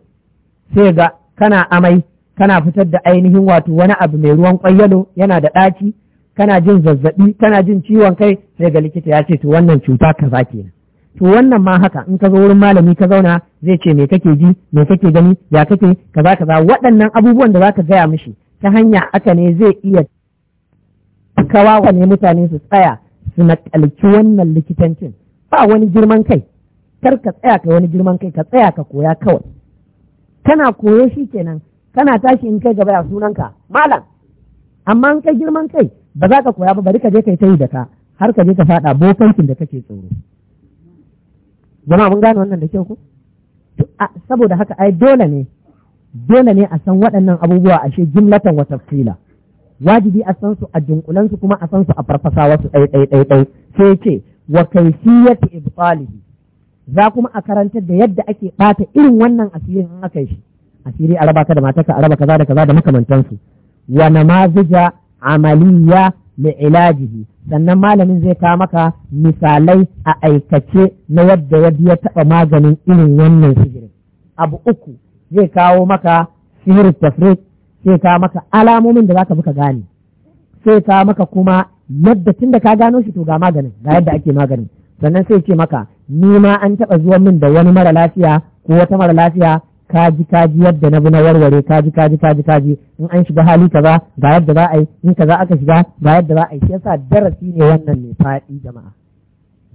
Speaker 1: sai ga kana amai kana fitar da ainihin wato wani abu mai ruwan yalo yana da ɗaci kana jin zazzabi kana jin ciwon kai sai ga likita ya ce to wannan cuta za ke. to wannan ma haka in ka zo wurin malami ka zauna zai ce me kake ji me kake gani ya kake kaza kaza waɗannan abubuwan da zaka gaya mishi ta hanya aka ne zai iya kawawa ne mutane su tsaya su nakalci wannan likitancin ba wani girman kai kar ka tsaya ka wani girman kai ka tsaya ka koya kawai kana koyo shi kenan kana tashi in kai gaba a sunanka malam amma in kai girman kai ba za ka koya ba bari ka je kai ta yi da ka har ka je ka faɗa bokancin da kake tsoro jama'a mun gane wannan da kyau ko saboda haka ai dole ne dole ne a san waɗannan abubuwa ashe jimlatan wa tafsila wajibi a san su a dunkulan su kuma a san su a farfasa wasu ɗai ɗai ɗai ɗai sai ce wa kaifiyatu ibtalihi za kuma a karantar da yadda ake bata irin wannan asirin in aka yi shi asiri a raba ka da mataka a raba kaza da kaza da makamantansu wa namazija amaliya li ilajihi sannan malamin zai kawo maka misalai a aikace na yadda ya biya taba maganin irin wannan sihirin abu uku zai kawo maka sihir tafrik sai kawo maka alamomin da zaka bi ka gane sai kawo maka kuma yadda tun ka gano shi to ga maganin ga yadda ake maganin sannan sai ce maka ni ma an taɓa zuwa min da wani mara lafiya ko wata mara lafiya ka ji ka ji yadda na bi na warware ka ji ka ji in an shiga hali kaza ba yadda za a yi in kaza aka shiga ba yadda za a yi shi yasa darasi ne wannan mai faɗi jama'a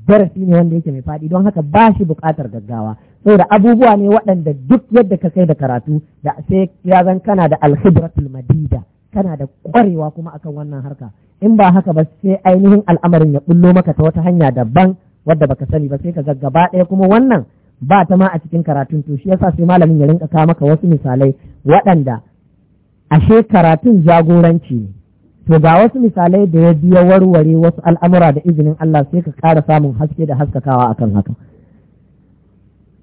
Speaker 1: darasi ne wanda yake mai faɗi don haka ba shi buƙatar gaggawa saboda abubuwa ne waɗanda duk yadda ka kai da karatu da sai ya zan kana da alhibratul madida kana da ƙwarewa kuma akan wannan harka in ba haka ba sai ainihin al'amarin ya bullo maka ta wata hanya daban wadda baka sani ba sai ka ga gaba ɗaya kuma wannan ba ta ma a cikin karatun to shi yasa sai malamin ya rinka kawo maka wasu misalai waɗanda ashe karatun jagoranci ne to ga wasu misalai da ya biya warware wasu al'amura da izinin Allah sai ka ƙara samun haske da haskakawa akan haka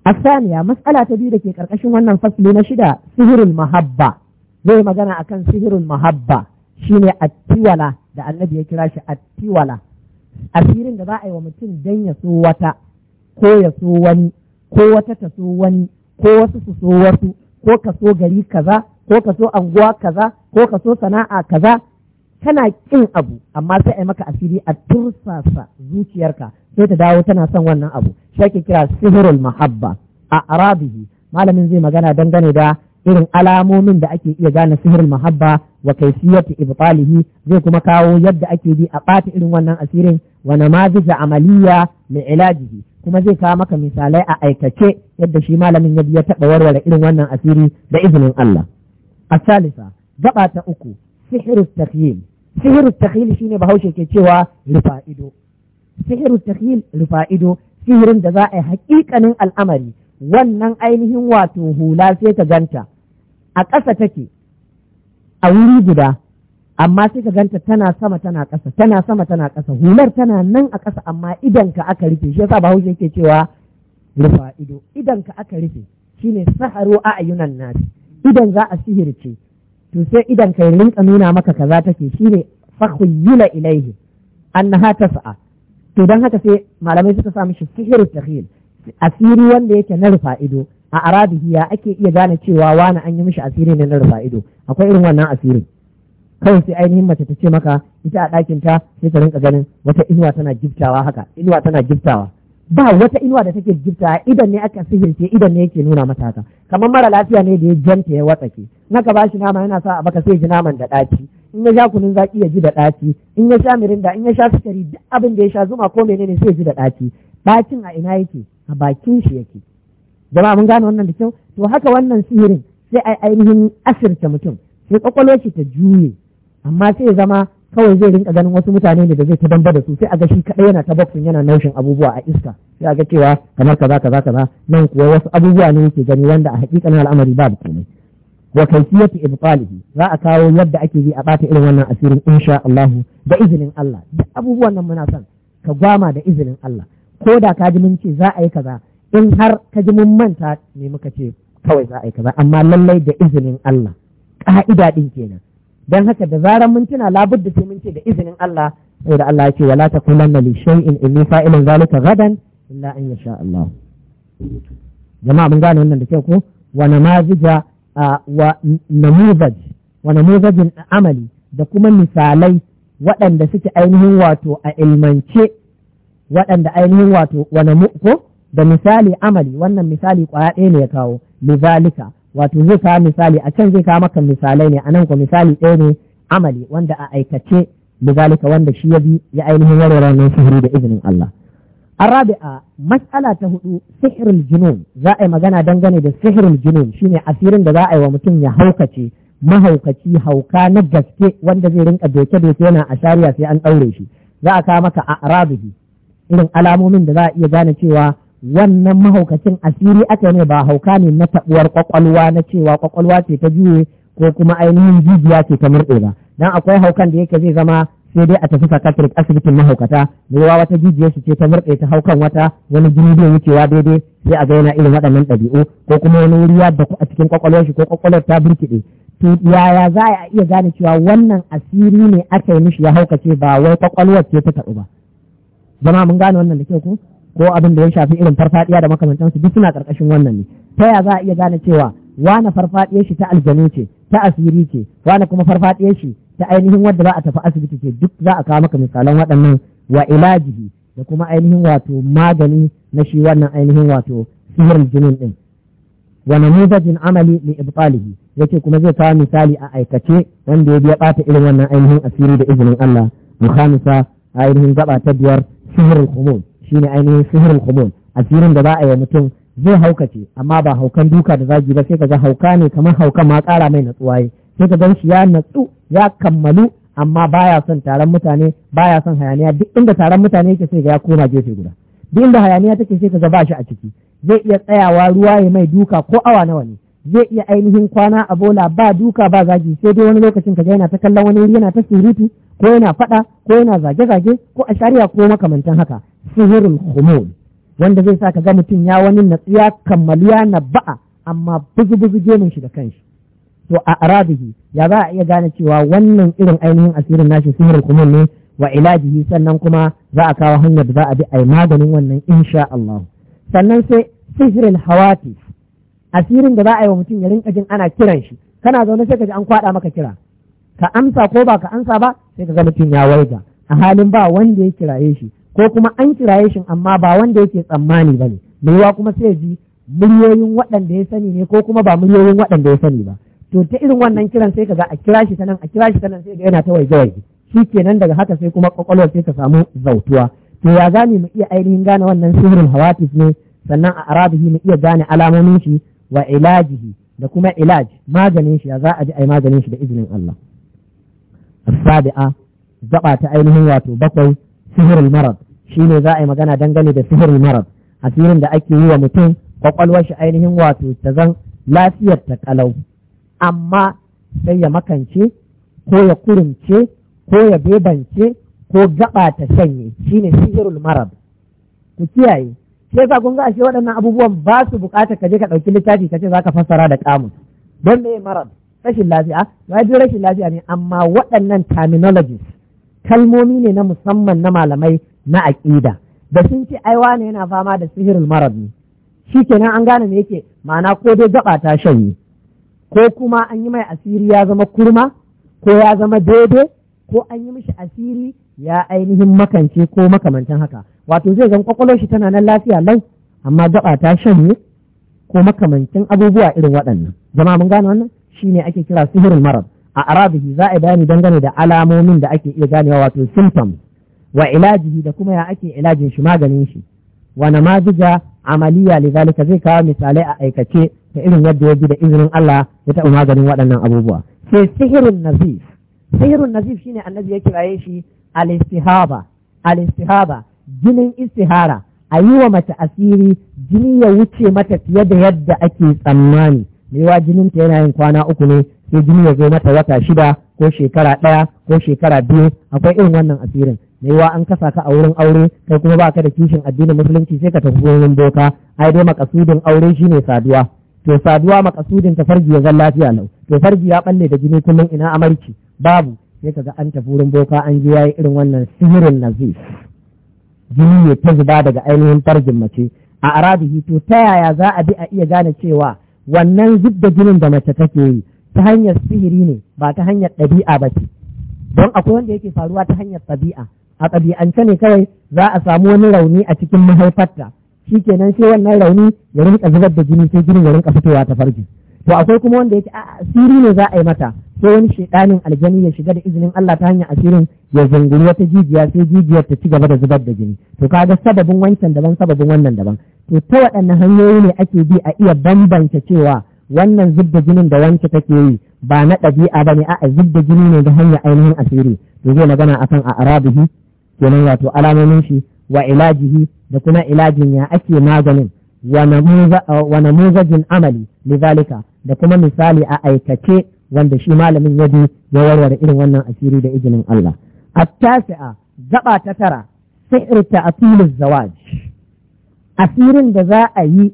Speaker 1: asaniya matsala ta biyu da ke ƙarƙashin wannan fasli na shida sihirul mahabba zai magana akan sihirul mahabba shine attiwala da annabi ya kira shi attiwala asirin da za a yi wa mutum dan ya so wata ko ya so wani ko wata ta so wani ko wasu su so wasu ko ka so gari kaza ko ka so anguwa kaza ko ka so sana'a kaza kana kin abu amma sai a yi maka asiri a tursasa zuciyarka sai ta dawo tana son wannan abu shi kira sihirul mahabba a arabihi malamin zai magana dangane da irin alamomin da ake iya gane sihirin mahabba wa kaifiyati ibtalihi zai kuma kawo yadda ake bi a ɓata irin wannan asirin wa namazija amaliya min ilajihi kuma zai kawo maka misalai a aikace yadda shi malamin ya biya taɓa warware irin wannan asiri da izinin Allah a salisa gaba ta uku sihiru takhil sihiru takhil shine bahaushe ke cewa rufa sihiru takhil sihirin da za a yi hakikanin al'amari wannan ainihin wato hula sai ka ganta a ƙasa take a wuri guda amma sai ka ganta tana sama tana ƙasa tana sama tana ƙasa hular tana nan a ƙasa amma idan ka aka rufe shi yasa bahaushe yake cewa rufa ido idan ka aka rufe shine saharo a ayyunan nasi idan za a sihirce to sai idan ka rinka nuna maka kaza take shine fakhuyyula ilaihi annaha tas'a to dan haka sai malamai suka sa mishi sihir tahil asiri wanda yake na rufa ido a arabihi ya ake iya gane cewa wani an yi mishi asiri ne na rufa ido akwai irin wannan asirin kawai sai ainihin mace ta ce maka ita a ɗakin ta sai ta rinka ganin wata inuwa tana giftawa haka inuwa tana giftawa ba wata inuwa da take giftawa idan ne aka sihirce idan ne yake nuna mata haka kamar mara lafiya ne da ya janta ya watsake naka ba shi nama yana sa a baka sai ji naman da ɗaci in ya sha kunun zaki ya ji da ɗaci in ya sha mirinda in ya sha sukari duk abin da ya sha zuma ko menene sai ya ji da ɗaci ɗacin a ina yake a bakin shi yake jama'a mun gane wannan da kyau to haka wannan sihirin sai ai ainihin asirta mutum sai kwakwalwa shi ta juye amma sai zama kawai zai rinka ganin wasu mutane ne da zai ta damba da su sai a ga shi kaɗai yana ta boxing yana naushin abubuwa a iska sai a ga cewa kamar kaza kaza kaza nan kuwa wasu abubuwa ne yake gani wanda a hakikanin al'amari babu komai wa kaifiyatu ibtalihi za a kawo yadda ake yi a bata irin wannan asirin insha Allah da izinin Allah duk abubuwan nan muna son ka gwama da izinin Allah ko da ka ji mun ce za a yi kaza in har ka ji mun manta ne muka ce kawai za a yi kaza amma lallai da izinin Allah ka'ida din kenan dan haka da zarar mun tuna labudda sai mun ce da izinin Allah saboda Allah ya ce wala taqulanna li shay'in inni fa'ilun zalika gadan illa an yasha Allah jama'a mun gane wannan da kyau ko wa namazija wa namuzaj wa namuzajin amali da kuma misalai waɗanda suke ainihin wato a ilmance waɗanda ainihin wato wa ko da misali amali wannan misali kwaya ɗaya ne ya kawo lizalika wato zai kawo misali a can zai kawo maka misalai ne a nan ko misali ɗaya ne amali wanda a aikace lizalika wanda shi ya bi ya ainihin warware ranar sihiri da izinin Allah arabi'a mas'ala ta hudu sihirul junun za a yi magana dangane da sihirul junun shine asirin da za a yi wa mutum ya haukace mahaukaci hauka na gaske wanda zai rinka doke doke yana a shari'a sai an ɗaure shi za a kawo maka a arabihi irin alamomin da za a iya gane cewa wannan mahaukacin asiri aka ne ba hauka ne na tabuwar kwakwalwa na cewa kwakwalwa ce ta juye ko kuma ainihin jijiya ce ta murɗe ba dan akwai haukan da yake zai zama sai dai a tafi psychiatric asibitin mahaukata da yawa wata jijiyar shi ce ta murɗe ta haukan wata wani jini bai wucewa daidai sai a ga yana irin waɗannan ɗabi'u ko kuma wani wuri ya a cikin kwakwalwar shi ko kwakwalwar ta birkiɗe to yaya za a iya gane cewa wannan asiri ne aka yi mishi ya haukace ba wai kwakwalwar ce ta taɓu ba zama mun gane wannan da kyau ko ko abin da ya shafi irin farfadiya da makamantansu duk suna karkashin wannan ne ta ya za a iya gane cewa wani farfadiyar shi ta aljanu ce ta asiri ce wani kuma farfadiyar shi ta ainihin wanda za a tafi asibiti ce duk za a kawo maka misalan waɗannan wa ilajihi da kuma ainihin wato magani na shi wannan ainihin wato sihirin jinin din wa namuzajin amali li ibtalihi yace kuma zai kawo misali a aikace wanda ya biya bata irin wannan ainihin asiri da izinin Allah mu khamisa ainihin gaba ta biyar sihirul khumul shine ainihin sihirin qubul asirin da za a yi mutum zai haukace amma ba haukan duka da zagi ba sai kaga hauka ne kamar haukan ma ƙara mai natsuwa yi sai ka gan shi ya natsu ya kammalu amma baya son taron mutane baya son hayaniya duk inda taron mutane yake sai ga ya koma gefe guda duk inda hayaniya take sai kaga bashi ba shi a ciki zai iya tsayawa ruwa ya mai duka ko awa nawa ne zai iya ainihin kwana a bola ba duka ba zagi sai dai wani lokacin kaga yana ta kallon wani wuri yana ta surutu ko yana faɗa ko yana zage-zage ko a shari'a ko makamantan haka sihirul khumul wanda zai sa ka ga mutum ya wani natsiya kammalu ya ba'a amma bugu-bugu shi da kanshi to a arabihi ya za a iya gane cewa wannan irin ainihin asirin nashi sihirul khumul ne wa ilajihi sannan kuma za a kawo hanyar da za a bi a maganin wannan insha Allah sannan sai sihirul hawatif asirin da za a yi wa mutum ya rinka jin ana kiran shi kana zaune sai ka ji an kwaɗa maka kira ka amsa ko ba ka amsa ba sai ka ga mutum ya waiga a halin ba wanda ya kiraye shi ko kuma an kiraye shi amma ba wanda yake tsammani ba ne maiwa kuma sai ji miliyoyin waɗanda ya sani ne ko kuma ba miliyoyin waɗanda ya sani ba to ta irin wannan kiran sai ka ga a kira shi sanan a kira shi sanan sai ga yana ta waige waige shi kenan daga haka sai kuma kwakwalwar sai ka samu zautuwa to ya gane mu iya ainihin gane wannan sihirin hawatif ne sannan a arabihi mu iya gane alamomin shi wa ilajihi da kuma ilaj maganin shi ya za a ji ai maganin shi da izinin Allah sabia gaba ta ainihin wato bakwai sihirul marad shine za a yi magana dangane da sihirul marad asirin da ake yi wa mutum kwakwalwar shi ainihin wato ta zan lafiyar ta kalau amma sai ya makance ko ya kurince ko ya bebance ko gaba ta shanye shine sihirul marad ku kiyaye yasa kun ga ashe waɗannan abubuwan ba su bukata ka je ka ɗauki littafi ka ce za ka fassara da kamus don me marar rashin lafiya ba duk rashin lafiya ne amma waɗannan terminologies kalmomi ne na musamman na malamai na aƙida da sun ce ai wane yana fama da sihirin marar ne shi kenan an gane me yake ma'ana ko dai gaba ta shanye ko kuma an yi mai asiri ya zama kurma ko ya zama daidai ko an yi mishi asiri ya ainihin makance ko makamancin haka wato zai zan kwakwalwar shi tana nan lafiya lau amma gaba ta shanye ko makamancin abubuwa irin waɗannan Zama mun gane wannan ne ake kira sihirin marar a arabihi za a bayani dangane da alamomin da ake iya ganewa wato symptoms wa ilajihi da kuma ya ake ilajin shi maganin shi wa namazija amaliya lidhalika zai kawo misalai a aikace da irin yadda ya bi da izinin Allah ya taɓa maganin waɗannan abubuwa sai sihirin nazif sihirin nazif shine annabi ya kiraye shi al-istihaba al-istihaba jinin istihara a yi wa mace asiri jini ya wuce mata fiye da yadda ake tsammani wa jininta yana yin kwana uku ne sai jini ya zo mata wata shida ko shekara ɗaya ko shekara biyu akwai irin wannan asirin wa an kasa ka a wurin aure kai kuma ba ka da kishin addinin musulunci sai ka tafi wurin boka ai dai makasudin aure shine saduwa to saduwa makasudin ta farji ya zan lafiya lau to farji ya balle da jini kullum ina amarci babu sai kaga an tafi wurin boka an je yayi irin wannan sihirin nazis jini ne ta zuba daga ainihin farjin mace a arabihi to ta yaya za a bi a iya gane cewa wannan zub da jinin da mace take yi ta hanyar sihiri ne ba ta hanyar ɗabi'a ba ce don akwai wanda yake faruwa ta hanyar ɗabi'a a ɗabi'ance ne kawai za a samu wani rauni a cikin mahaifarta shi kenan sai wannan rauni ya rinka zubar da jini sai jinin ya rinka fitowa ta farji to akwai kuma wanda yake a sihiri ne za a yi mata sai wani shedanin aljani ya shiga da izinin Allah ta hanyar asirin ya zunguri wata jijiya sai jijiyar ta ci gaba da zubar da jini to kaga sababin wancan daban sababin wannan daban to ta waɗanne hanyoyi ne ake bi a iya bambanta cewa wannan zub da jinin da wanke take yi ba na ɗabi'a ba ne a zub da jini ne da hanyar ainihin asiri to zai magana akan a arabihi kenan wato alamomin shi wa ilajihi da kuma ilajin ya ake maganin wa namuzajin amali lizalika da kuma misali a aikace wanda shi malamin ya bi ya warware irin wannan asiri da izinin Allah A tasia zaɓa ta tara sihir ta'til zawaj asirin da za a yi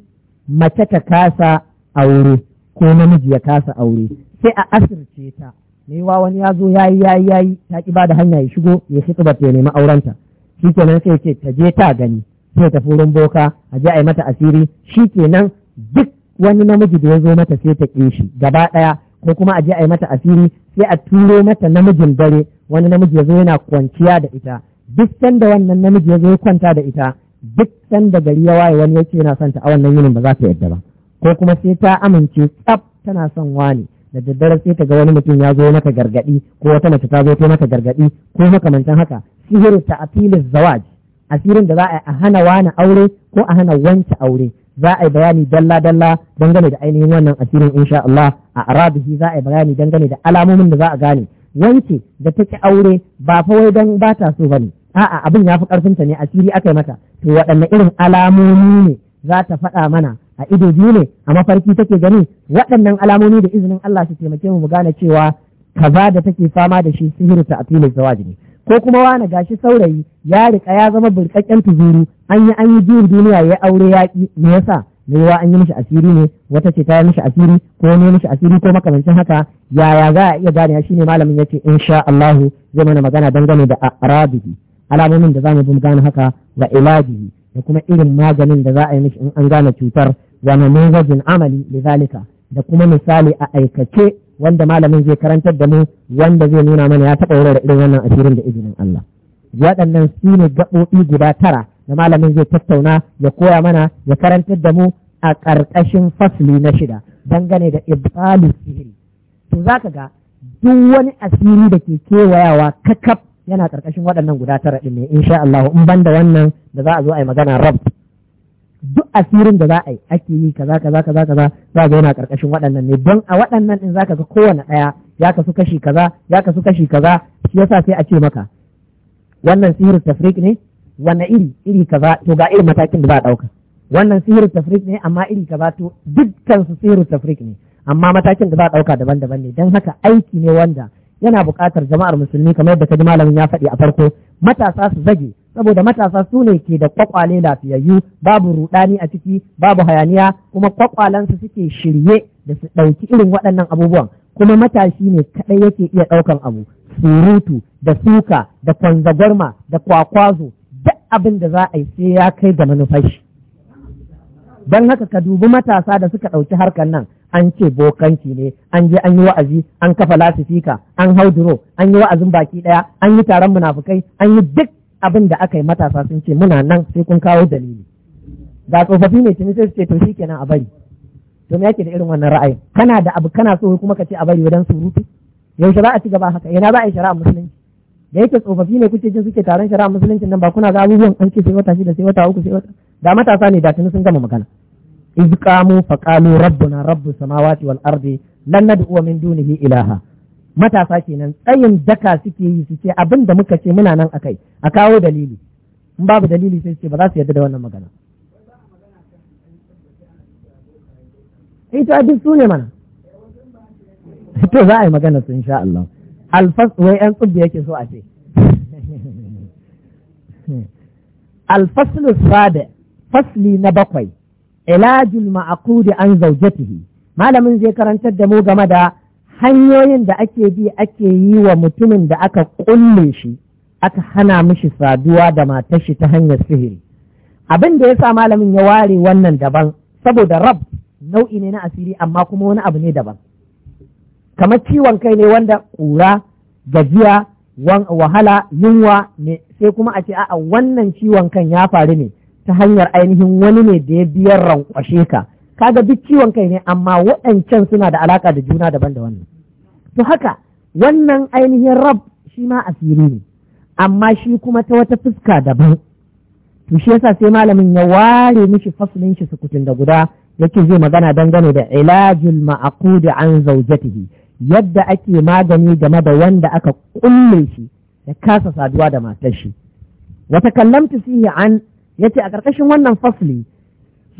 Speaker 1: mace ta kasa aure ko namiji ya kasa aure sai a asirce ta mewa wani ya zo yi ya yi ta ki ba da hanya ya shigo ya fitsuba ta nemi aurenta shikenan sai ce ta je ta gani sai ta furin boka a je a yi mata asiri shikenan duk wani namiji da ya zo mata sai ta ƙi shi gaba ɗaya ko kuma a je a yi mata asiri sai a turo mata namijin dare wani namiji ya zo yana kwanciya da ita duk sanda wannan namiji ya zo ya kwanta da ita duk sanda gari ya waye wani yake yana son ta a wannan yinin ba za ta yadda ba ko kuma sai ta amince tsaf tana son wani da daddare sai ta ga wani mutum ya zo mata gargadi ko wata mace ta zo ta mata gargadi ko makamantan haka sihiru ta afilin zawaj asirin da za a hana wani aure ko a hana wancan aure za a yi bayani dalla dalla dangane da ainihin wannan addinin insha Allah a arabihi za a yi bayani dangane da alamomin da za a gane wance da take aure ba fa wai dan ba ta so bane a'a abin ya fi karfin ta ne asiri aka yi mata to waɗanne irin alamomi ne za ta faɗa mana a ido biyu ne a mafarki take gani waɗannan alamomi da izinin Allah su taimake mu mu gane cewa kaza da take fama da shi sihirta a atilin da ne ko kuma wani gashi saurayi ya rika ya zama burkakken tuzuru an yi an yi juyin duniya ya aure yaƙi me yasa yawa an yi mishi asiri ne wata ce ta yi mishi asiri ko ne mishi asiri ko makamancin haka yaya za a iya gane shi ne malamin ya ce insha Allah zai mana magana dangane da arabihi alamomin da za mu bi gane haka wa ilajihi da kuma irin maganin da za a yi mishi in an gane cutar wa namazin amali zalika da kuma misali a aikace wanda malamin zai karantar da mu wanda zai nuna mana ya taɓa wurin irin wannan asirin da izinin Allah waɗannan su ne gaɓoɓi guda tara da malamin zai tattauna ya koya mana ya karantar da mu a ƙarƙashin fasli na shida dangane da ibtalu sihiri to zaka ga duk wani asiri da ke kewayawa kakaf yana ƙarƙashin waɗannan guda tara ɗin ne insha Allah in banda wannan da za a zo a yi magana rabb duk asirin da za a yi ake yi kaza kaza kaza kaza za ga yana karkashin waɗannan ne don a waɗannan din zaka ga kowane ɗaya ya kasu kashi kaza ya kasu kashi kaza shi yasa sai a ce maka wannan sihirin tafrik ne wannan iri iri kaza to ga irin matakin da za a ɗauka wannan sihirin tafrik ne amma iri kaza to dukkan su sihirin tafrik ne amma matakin da za a ɗauka daban-daban ne don haka aiki ne wanda yana buƙatar jama'ar musulmi kamar yadda ji malamin ya faɗi a farko matasa su zage saboda matasa su ne ke da kwakwale lafiyayyu babu rudani a ciki babu hayaniya kuma kwakwalansu suke shirye da su ɗauki irin waɗannan abubuwan kuma matashi ne kaɗai yake iya ɗaukan abu surutu da suka da kwanzagwarma da kwakwazo duk abin da za a yi sai ya kai ga manufashi don haka ka dubi matasa da suka ɗauki harkar nan an ce bokanci ne an je an yi wa'azi an kafa lasifika an hau hauduro an yi wa'azin baki ɗaya an yi taron munafukai an yi duk abin da aka yi matasa sun ce muna nan sai kun kawo dalili ga tsofaffi ne tuni sai su ce to kenan a bari to me yake da irin wannan ra'ayin kana da abu kana so kuma ka ce a bari wajen surutu yaushe za a ci gaba haka yana za a yi shari'a musulunci da yake tsofaffi ne kuke jin suke taron shari'a musulunci nan ba kuna ga abubuwan an ce sai wata shida sai wata uku sai wata da matasa ne da tuni sun gama magana iz qamu faqalu rabbuna rabbus samawati wal ardi lan nad'u min dunihi ilaha matasa kenan tsayin daka suke yi su ce abin da muka ce muna nan akai a kawo dalili in babu dalili sai ce ba za su yarda da wannan magana ita duk su ne mana to za a yi magana su insha Allah alfas wai yan tsubbi yake so a ce alfaslu sada fasli na bakwai ilajul ma'aqudi an zaujatihi malamin zai karantar da mu game da hanyoyin da ake bi ake yi wa mutumin da aka kulle shi aka hana mishi saduwa da matar shi ta hanyar sihiri abin da ya sa malamin ya ware wannan daban saboda rab nau'i ne na asiri amma kuma wani abu ne daban kamar ciwon kai ne wanda ƙura gajiya wahala yunwa ne sai kuma a ce a'a wannan ciwon kan ya faru ne ta hanyar ainihin wani ne da ya biyar rankwashe ka kaga duk ciwon kai ne amma waɗancan suna da alaƙa da juna daban da wannan to haka wannan ainihin rab shi ma asiri ne amma shi kuma ta wata fuska daban to shi yasa sai malamin ya ware mishi faslin shi sukutun da guda yake zai magana dangane da ilajul ma'aqud an zawjatihi yadda ake magani game da wanda aka kulle shi ya kasa saduwa da matar shi wata kallamtu fihi an yace a ƙarƙashin wannan fasli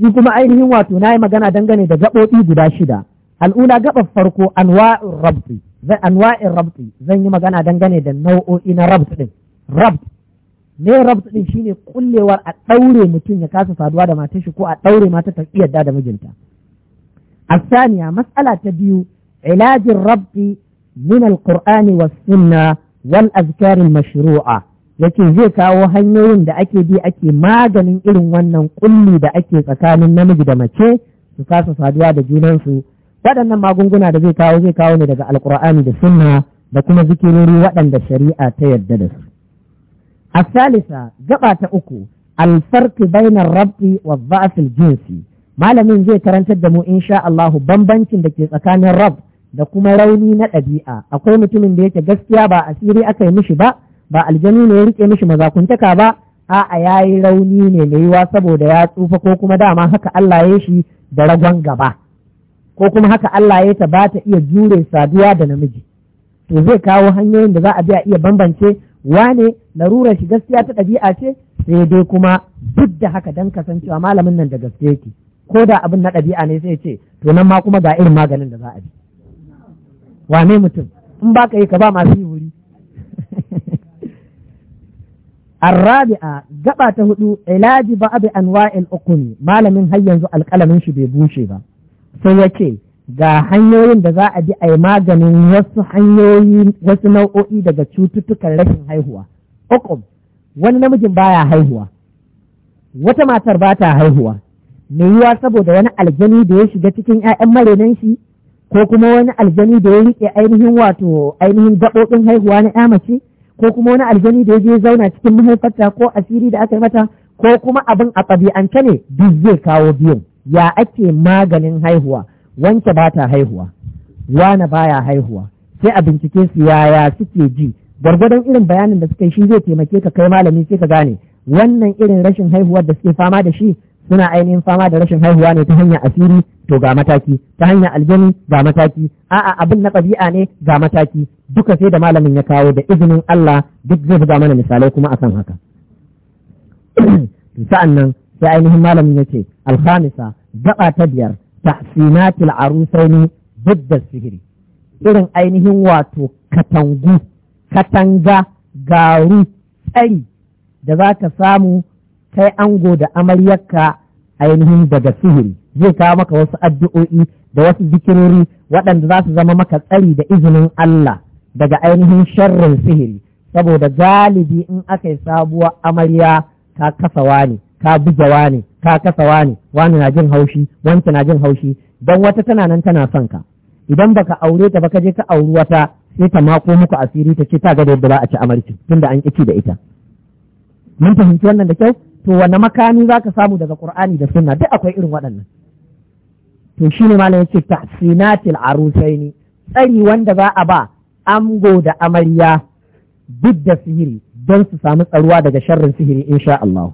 Speaker 1: shi kuma ainihin wato na yi magana dangane da gaɓoɓi guda shida al'ula gaɓar farko anwa'in rabti anwa'in rabti zan yi magana dangane da nau'o'i na rabt ɗin rabt ne rabt ɗin shine kullewar a ɗaure mutum ya kasa saduwa da matar ko a ɗaure mata ta yarda da mijinta الثانية مسألة تبيو علاج الربط من القرآن wal askarin mashru'a yace zai kawo hanyoyin da ake bi ake maganin irin wannan kulli da ake tsakanin namiji da mace su kasa saduwa da junansu waɗannan magunguna da zai kawo zai kawo ne daga alkur'ani da sunna da kuma zikirori waɗanda shari'a ta yarda da su a salisa gaba ta uku alfarki bainar rabbi wa ba'asil jinsi malamin zai karantar da mu insha Allahu bambancin da ke tsakanin rab da kuma rauni na ɗabi'a akwai mutumin da yake gaskiya ba asiri aka yi mishi ba ba aljanu ne ya rike mishi mazakuntaka ba a'a yayi rauni ne mai yiwa saboda ya tsufa ko kuma dama haka Allah ya shi da ragon gaba ko kuma haka Allah ya ta ba ta iya jure saduwa da namiji to zai kawo hanyoyin da za a biya iya bambance wane larurar shi gaskiya ta ɗabi'a ce sai dai kuma duk da haka dan kasancewa malamin nan da gaske yake ko da abin na ɗabi'a ne sai ce to nan ma kuma ga irin maganin da za a bi wane mutum in baka yi ka ba masu yi wuri ta hudu ba جبعت هدو علاج malamin har yanzu ما shi bai bushe ba sai ya ce ga hanyoyin da za a bi a yi maganin wasu hanyoyi wasu nau'o'i daga cututtukan rashin haihuwa. Ukum, wani namijin baya haihuwa, wata matar ba ta haihuwa, mai yiwa saboda wani aljani da ya shiga cikin 'ya'yan marenan shi ko kuma wani aljani da ya riƙe ainihin wato ainihin gaɓoɓin haihuwa na 'ya mace ko kuma wani aljani da ya je zauna cikin mahaifarta ko asiri da aka yi mata ko kuma abin a ɗabi'ance ne duk zai kawo biyun ya ake maganin haihuwa wanke ba ta haihuwa na baya haihuwa sai a bincike su yaya suke ji gwargwadon irin bayanin da suka yi shi zai taimake ka kai malami sai ka gane wannan irin rashin haihuwar da suke fama da shi suna ainihin fama da rashin haihuwa ne ta hanyar asiri to ga mataki ta hanyar aljani ga mataki a'a abin na ɗabi'a ne ga mataki duka sai da malamin ya kawo da izinin Allah duk zai buga mana misalai kuma akan haka sa'an nan sai ainihin malamin ya ce alhamisa gaba ta biyar tahsinatil arusaini bidda sihiri irin ainihin wato katangu katanga garu tsari da za ka samu kai ango da amaryarka ainihin daga sihiri zai kawo maka wasu addu'o'i da wasu zikirori waɗanda za su zama maka tsari da izinin Allah daga ainihin sharrin sihiri saboda galibi in aka yi sabuwar amarya ka kasawa ne ka bugawa ne ka kasawa ne wani na jin haushi wanta na jin haushi don wata tana nan tana son ka idan baka aure ta ba ka je ka auri wata sai ta mako muku asiri ta ce ta ga da yadda a ci amarci tunda an ƙi da ita mun fahimci wannan da kyau to wanne makami za ka samu daga ƙur'ani da sunna duk akwai irin waɗannan to shi shine malam yace tahsinatil arusaini tsari wanda za a ba ango da amarya duk da sihiri don su samu tsaruwa daga sharrin sihiri insha Allah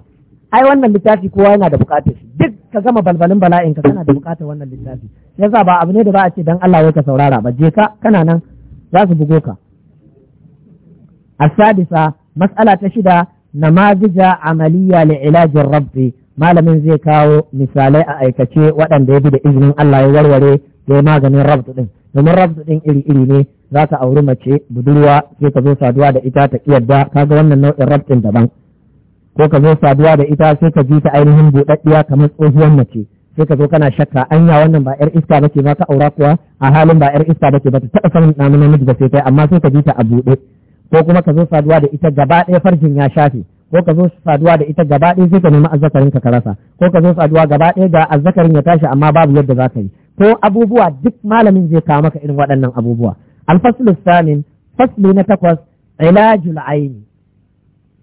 Speaker 1: ai wannan littafi kowa yana da bukatar shi duk ka gama balbalin bala'in ka kana da bukatar wannan littafi yasa ba abu ne da ba a ce dan Allah wai ka saurara ba je ka kana nan za su bugo ka asadisa mas'ala ta shida namazija amaliya li ilajin rabbi malamin zai kawo misalai a aikace waɗanda ya bi da izinin Allah ya warware ya yi maganin rabdu ɗin domin rabdu ɗin iri-iri ne za ka auri mace budurwa sai ka zo saduwa da ita ta kiyarda ga wannan nau'in rabdin daban ko ka zo saduwa da ita sai ka ji ta ainihin buɗaɗɗiya kamar tsohuwar mace sai ka zo kana shakka anya wannan ba yar iska bace ba ka aura kuwa a halin ba yar iska bace ba ta taɓa sanin ɗamin namiji ba sai kai amma sai ka ji ta a buɗe ko kuma ka zo saduwa da ita gaba ɗaya farjin ya shafe ko ka zo saduwa da ita gaba ɗaya sai ka nemi azzakarin ka rasa ko ka zo saduwa gaba ɗaya ga azzakarin ya tashi amma babu yadda za ka yi ko abubuwa duk malamin zai kawo maka irin waɗannan abubuwa alfaslu samin fasli na takwas ilajul aini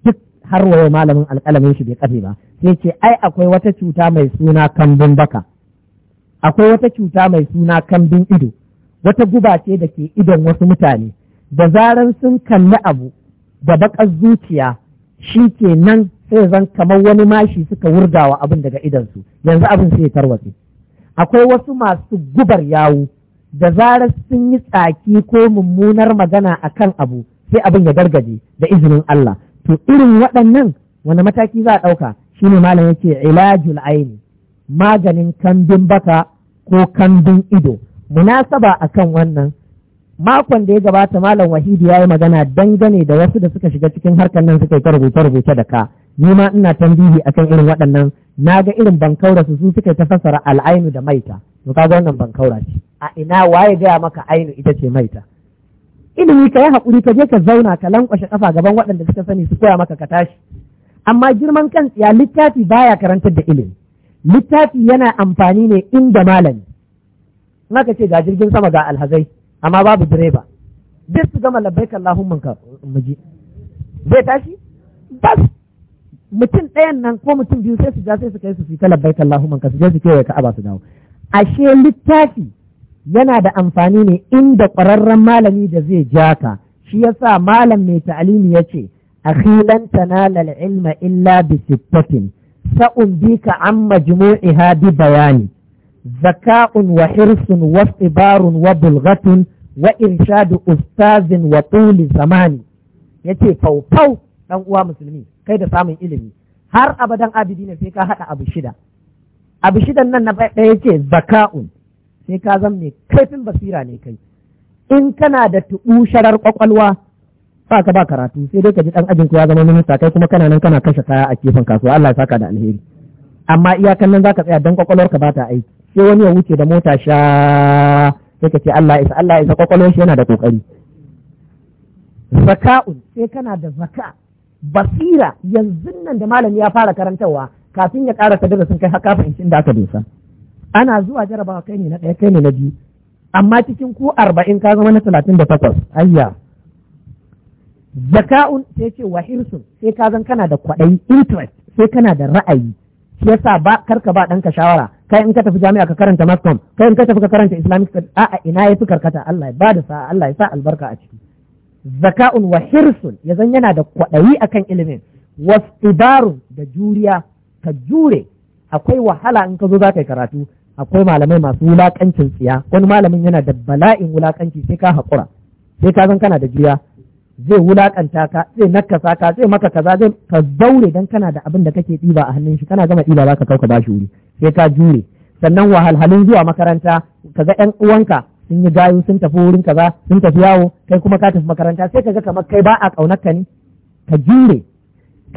Speaker 1: duk har wayo malamin alƙalamin shi bai kafe ba sai ce ai akwai wata cuta mai suna kambun baka akwai wata cuta mai suna kambin ido wata guba ce da ke idon wasu mutane da zarar sun kalli abu da baƙar zuciya shi ke nan sai zan kamar wani mashi suka wurgawa abin daga idansu yanzu abin sai tarwatse akwai wasu masu gubar yawu da zarar sun yi tsaki ko mummunar magana a kan abu sai abin ya gargaje da izinin Allah to irin waɗannan wani mataki za a ɗauka shine malam yake ilajul aini maganin kambin baka ko kambin ido munasaba akan wannan makon da ya gabata malam wahidu ya yi magana dangane da wasu da suka shiga cikin harkar nan suka yi ta rubuce rubuce da ka ni ma ina tambihi akan irin waɗannan na ga irin bankaura su su suka ta fassara al'ainu da maita to ga wannan bankaura ce a ina waye gaya maka ainu ita ce maita ilimi ka yi haƙuri ka je ka zauna ka lankwashe kafa gaban waɗanda suka sani su koya maka ka tashi amma girman kan ya littafi baya karantar da ilimi littafi yana amfani ne inda malami in ce ga jirgin sama ga alhazai amma babu direba duk su gama labbaik Allahumma ka muji zai tashi bas mutum ɗayan nan ko mutum biyu sai su ja sai su kai su fi ta labbaik Allahumma ka su je su kewaye ka'aba su dawo ashe littafi yana da amfani ne inda ƙwararren malami da zai ja ka shi yasa malam mai ta'alimi ya ce akhilan tanala al-ilma illa bi sittatin sa'un bika an majmu'iha bi bayani zaka'un wa hirsun wa ibarun wa bulghatun wa irshadu ustazin wa tuli zamani yace faufau dan uwa musulmi kai da samun ilimi har abadan abidi ne sai ka haɗa abu shida abu shidan nan na ɗaya yace zaka'un sai ka zama mai kaifin basira ne kai in kana da sharar kwakwalwa ba ka ba karatu sai dai ka ji ɗan ajin ya zama minista kai kuma kana nan kana kashe kaya a kefan kasuwa Allah ya saka da alheri amma iyakan nan zaka tsaya dan kwakwalwar ka ba ta aiki sai wani ya wuce da mota sha sai ka ce Allah isa Allah isa kwakwalwar shi yana da kokari zaka'un sai kana da zaka basira yanzu nan da malami ya fara karantarwa kafin ya ƙara kadara sun kai haka fahimci da aka dosa ana zuwa jarabawa kai ne na ɗaya kai ne na biyu amma cikin ku arba'in ka zama na talatin da takwas ayya zaka'un sai ce wa hirsun sai ka zan kana da kwaɗayi interest sai kana da ra'ayi shi yasa ba karka ba ɗanka shawara kai in ka tafi jami'a ka karanta mass com kai in ka tafi ka karanta islamic studies a'a ina yafi karkata Allah ya bada sa Allah ya sa albarka a ciki zaka'un wa hirsun yazan yana da kwaɗayi akan ilimin wastibarun da juriya ka jure akwai wahala in ka zo za ka yi karatu akwai malamai masu wulakancin tsiya wani malamin yana da bala'in wulakanci sai ka haƙura sai ka zan kana da juriya zai wulakanta ka zai nakasa ka zai maka kaza zai ka daure dan kana da abin da kake diba a hannun shi kana gama diba za ka kauka bashi wuri sai ka jure sannan wahalhalun zuwa makaranta kaga yan uwanka sun yi gayu sun tafi wurin kaza sun tafi yawo kai kuma ka tafi makaranta sai kaga kamar kai ba a kaunar ka ne ka jure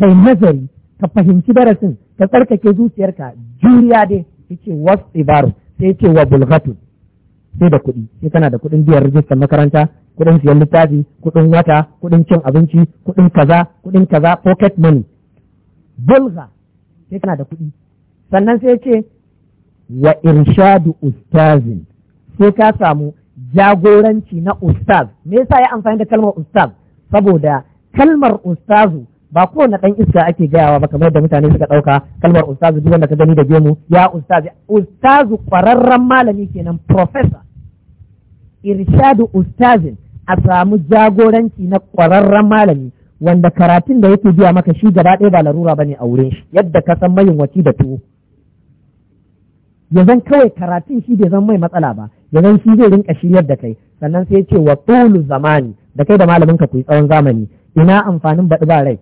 Speaker 1: kai nazari ka fahimci darasin ka tsarkake zuciyarka juriya dai yace was ibaru sai yace wa bulghatu sai da kuɗi sai kana da kuɗin biyan rijistar makaranta kuɗin siyan littafi kuɗin wata kuɗin cin abinci kuɗin kaza kuɗin kaza pocket money bulga sai kana da kuɗi sannan sai ce wa irshadu ustazin sai ka samu jagoranci na ustaz me yasa ya amfani da kalmar ustaz saboda kalmar ustazu ba kowane ɗan iska ake gayawa ba kamar da mutane suka ɗauka kalmar ustazu duk wanda ka gani da gemu ya ustaz ustazu ƙwararren malami kenan professor irshadu ustazin a samu jagoranci na ƙwararren malami wanda karatun da yake biya maka shi gaba ɗaya ba larura ba ne a wurin shi yadda ka san mayin mayunwaci da tuwo ya zan kawai karatun shi bai zan mai matsala ba ya zan shi zai rinka shiryar da kai sannan sai ya ce wa tulu zamani da kai da malamin ka kuyi tsawon zamani ina amfanin baɗi ba rai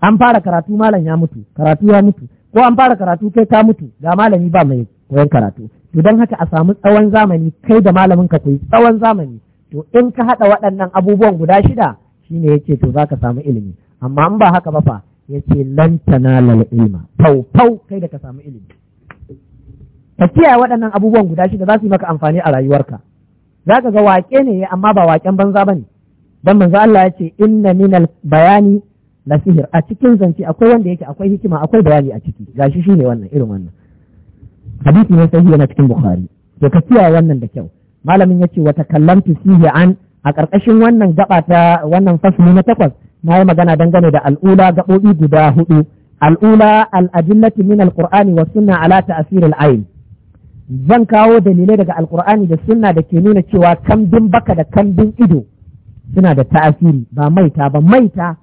Speaker 1: an fara karatu malam ya mutu karatu ya mutu ko an fara karatu kai ka mutu ga malami ba mai koyon karatu to don haka a samu tsawon zamani kai da malamin ka kuyi tsawon zamani to in ka haɗa waɗannan abubuwan guda shida shine yace to zaka samu ilimi amma in ba haka ba fa yace lan tanala ilma fau fau kai da ka samu ilimi ka kiyaye waɗannan abubuwan guda shida za su yi maka amfani a rayuwarka za ka ga waƙe ne amma ba waƙen banza ba ne don manzo Allah ya ce inna minal bayani la sihir a cikin zance akwai wanda yake akwai hikima akwai bayani a ciki gashi shine wannan irin wannan hadisi ne sahihi na cikin bukhari to ka kiyaye wannan da kyau malamin yace wa takallamtu fihi an a ƙarƙashin wannan gaba ta wannan fasli na takwas na yi magana dangane da al'ula gaɓoɓi guda hudu al'ula al'adillati min al-qur'ani wa sunna ala ta'sir al-ayn zan kawo dalilai daga alkur'ani da sunna da ke nuna cewa kambin baka da kambin ido suna da ta'asiri ba maita ba maita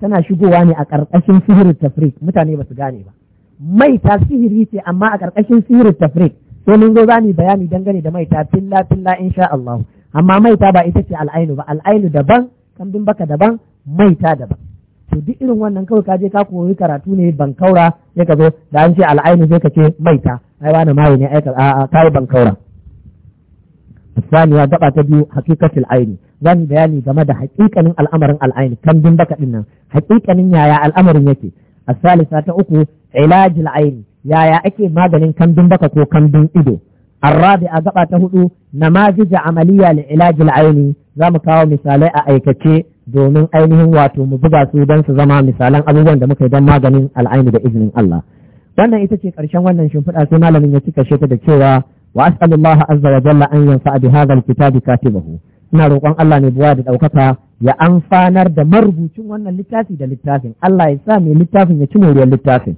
Speaker 1: tana shigowa ne a ƙarƙashin sihirin tafrik mutane ba su gane ba maita sihiri ce amma a ƙarƙashin sihirin tafrik to mun zo za bayani dangane da maita filla filla insha Allah amma maita ba ita ce al'ainu ba al'ainu daban kambin baka daban maita daban to duk irin wannan kawai ka je ka koyi karatu ne bankaura ne ka zo da an ce al'ainu sai ka ce maita ai wani mai ne aika a kai bankaura asaniya gaba ta biyu hakikatul aini zan bayani game da hakikanin al'amarin al'aini kan din baka din nan hakikanin yaya al'amarin yake asalisa ta uku ilajil aini yaya ake maganin kambin baka ko kan din ido الرابعة قطعة هدو نماذج عملية لعلاج العين za mu kawo misalai a aikace domin ainihin wato mu buga su don su zama misalan abubuwan da muka yi don maganin al'ainu da izinin Allah. Wannan ita ce ƙarshen wannan shimfiɗa sai malamin ya cika ta da cewa wa as'alullahu azza wa jalla an yanfa bi hadha alkitabi katibahu. Ina roƙon Allah ne buwa da ɗaukaka ya amfanar da marubucin wannan littafi da littafin. Allah ya sa mai littafin ya ci moriyar littafin.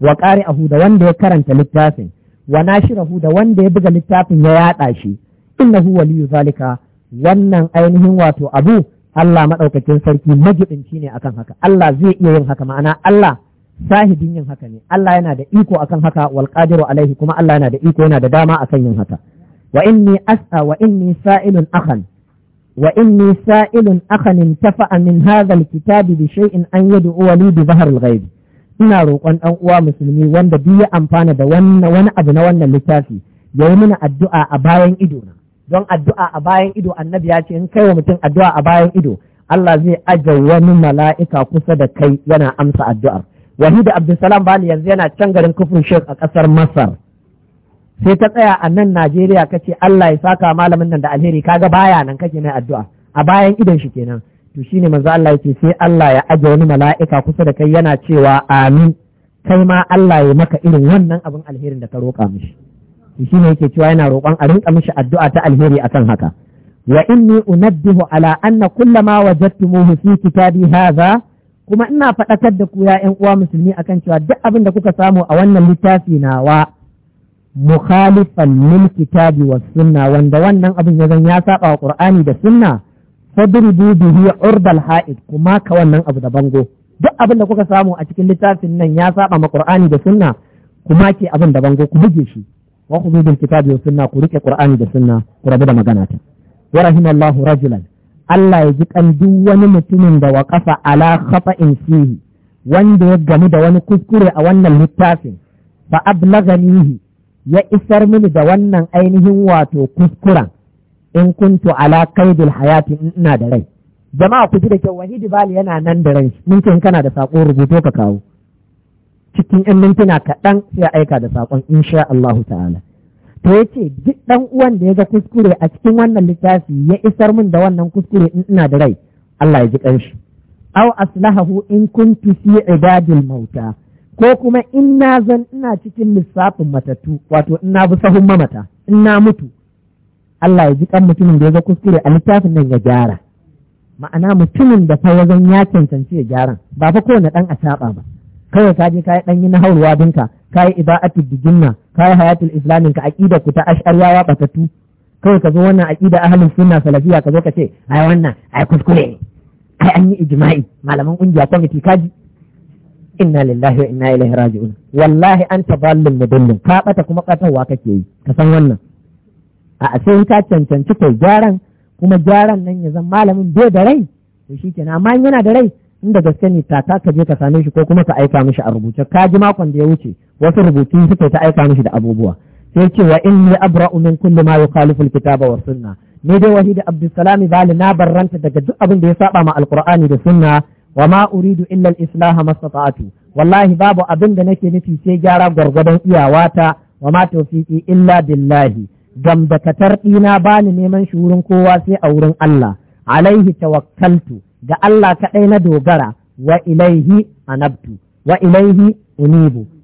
Speaker 1: Wa a da wanda ya karanta littafin. Wa nashirahu da wanda ya buga littafin ya yaɗa shi. Innahu waliyu zalika wannan ainihin wato abu Allah maɗaukakin sarki majibinci ne akan haka Allah zai iya yin haka ma'ana Allah sahibin yin haka ne Allah yana da iko akan haka wal qadiru alaihi kuma Allah yana da iko yana da dama akan yin haka wa inni as'a wa inni sa'ilun akhan wa inni sa'ilun akhan intafa'a min hadha alkitabi bi shay'in an yad'u li bi dhahr ina roƙon dan uwa musulmi wanda duk ya amfana da wannan wani abu na wannan littafi yayi mana addu'a a bayan ido na don addu'a a bayan ido annabi ya ce in kai wa mutum addu'a a bayan ido Allah zai aje wani mala'ika kusa da kai yana amsa addu'ar wahida abdulsalam bani yanzu yana can garin kufur shek a ƙasar masar sai ta tsaya a nan najeriya ka ce, Allah ya saka malamin nan da alheri kaga baya nan kake mai addu'a a bayan idon shi kenan to shine manzo Allah yake sai Allah ya aje wani mala'ika kusa da kai yana cewa amin kai ma Allah ya maka irin wannan abin alherin da ka roƙa mishi shi ne yake cewa yana roƙon a rinƙa mishi addu'a ta alheri akan haka wa inni unabbihu ala anna kullama wajadtumuhu fi kitabi hadha kuma ina faɗakar da ku ya ƴan uwa musulmi akan cewa duk abin da kuka samu a wannan littafi nawa mukhalifan lil kitabi was sunna wanda wannan abin ya zan ya saba wa qur'ani da sunna fadribu bihi urdal ha'id kuma ka wannan abu da bango duk abin da kuka samu a cikin littafin nan ya saba ma qur'ani da sunna kuma ke abin da bango ku buge shi wa khudhu bil kitabi was sunna ku rike qur'ani da sunna ku rabu da magana ta wa rahimallahu rajulan Allah ya ji kan duk wani mutumin da waƙafa ala khata'in fihi wanda ya gamu da wani kuskure a wannan littafin fa ablaganihi ya isar mini da wannan ainihin wato kuskuren in kuntu ala kai bil hayati in na da rai jama'a ku ji da kyau wani dibali yana nan da rai mun kana da sako rubutu ka kawo cikin yan mintuna kaɗan sai aika da saƙon insha Allah ta'ala to ya ce duk ɗan uwan da ya ga kuskure a cikin wannan littafi ya isar min da wannan kuskure in ina da rai Allah ya ji ƙanshi aw aslahahu in kuntu fi ibadil mauta ko kuma in na zan ina cikin lissafin matattu wato ina bi sahun mamata ina mutu Allah ya ji kan mutumin da ya ga kuskure a littafin nan ya gyara ma'ana mutumin da fa ya zan ya cancanci ya gyara, ba fa kowane ɗan a saɓa ba kawai ka je ka yi ɗanyi na haurwa binka ka yi iba'atul bijinna ka yi hayatul islamin ka aƙida ku ta ash'ariyawa batatu kawai ka zo wannan aƙida ahalin sunna salafiya ka zo ka ce ai wannan ai kuskure ne ai an yi ijma'i malaman ƙungiya kwamiti ka ji. inna lillahi wa inna ilaihi raji'un wallahi anta dallin mudallin ka bata kuma katawa kake yi ka san wannan a sai ka cancanci kai gyaran kuma gyaran nan ya zan malamin bai da rai to shikenan amma yana da rai inda gaske ne ta ka je ka same shi ko kuma ka aika mishi a rubuce ka ji makon da ya wuce wasu rubutu suka ta aika mishi da abubuwa sai ce wa inni abra'u min kulli ma yukhalifu alkitaba wa sunna ni dai wahidi abdussalam bali na barranta daga duk abin da ya saba ma alqur'ani da sunna wa ma uridu illa al mastata'tu wallahi babu abin da nake nufi sai gyara gwargwadon iyawata wa ma tawfiqi illa billahi gam da katar dina bani neman shi wurin kowa sai a wurin Allah alaihi tawakkaltu ga Allah kaɗai na dogara wa ilaihi anabtu wa ilaihi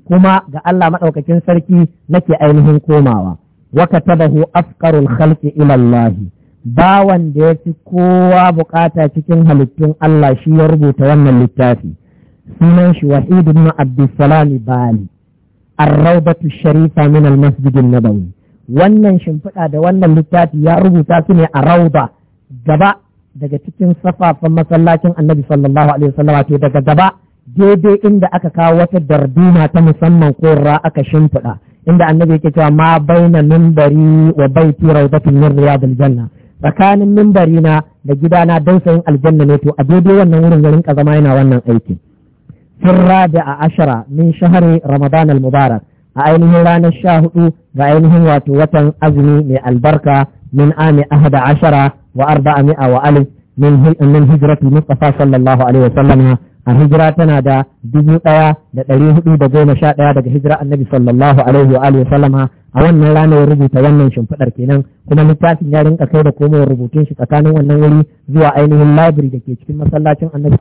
Speaker 1: kuma ga Allah maɗaukakin sarki nake ainihin komawa wa katabahu afqarul khalqi ila Allah bawan da ya ci kowa bukata cikin halittun Allah shi ya rubuta wannan littafi sunan shi wahid ibn abdussalam bali ar-rawdatu sharifa min al-masjid an-nabawi wannan shimfiɗa da wannan littafi ya rubuta su ne a rauda gaba daga cikin safafan masallacin annabi sallallahu alaihi wasallama to daga gaba daidai inda aka kawo wata darduma ta musamman ko aka shimfiɗa inda annabi yake cewa ma baina mimbari wa baiti rawdatun min riyadil janna tsakanin mimbarina na da gidana don sayin aljanna ne to a daidai wannan wurin garin kazama yana wannan aiki sirra da a ashara min shahari ramadan al mubarak a ainihin ranar sha hudu ga ainihin wato watan azumi mai albarka من عام أحد عشر وأربعمائة وألف من من هجرة المصطفى صلى الله عليه وسلم الهجرة تنادى دبو ايا دا تريه دي دا قوم شاء ايا دا هجرة النبي صلى الله عليه وآله وسلم أولا لا نورجي تونن شمفتر كينان كما نتاك نارين أكيد كومو ربوتين شكتانو ونوري زوا أينه اللابري دا كيش كما صلى الله عليه وسلم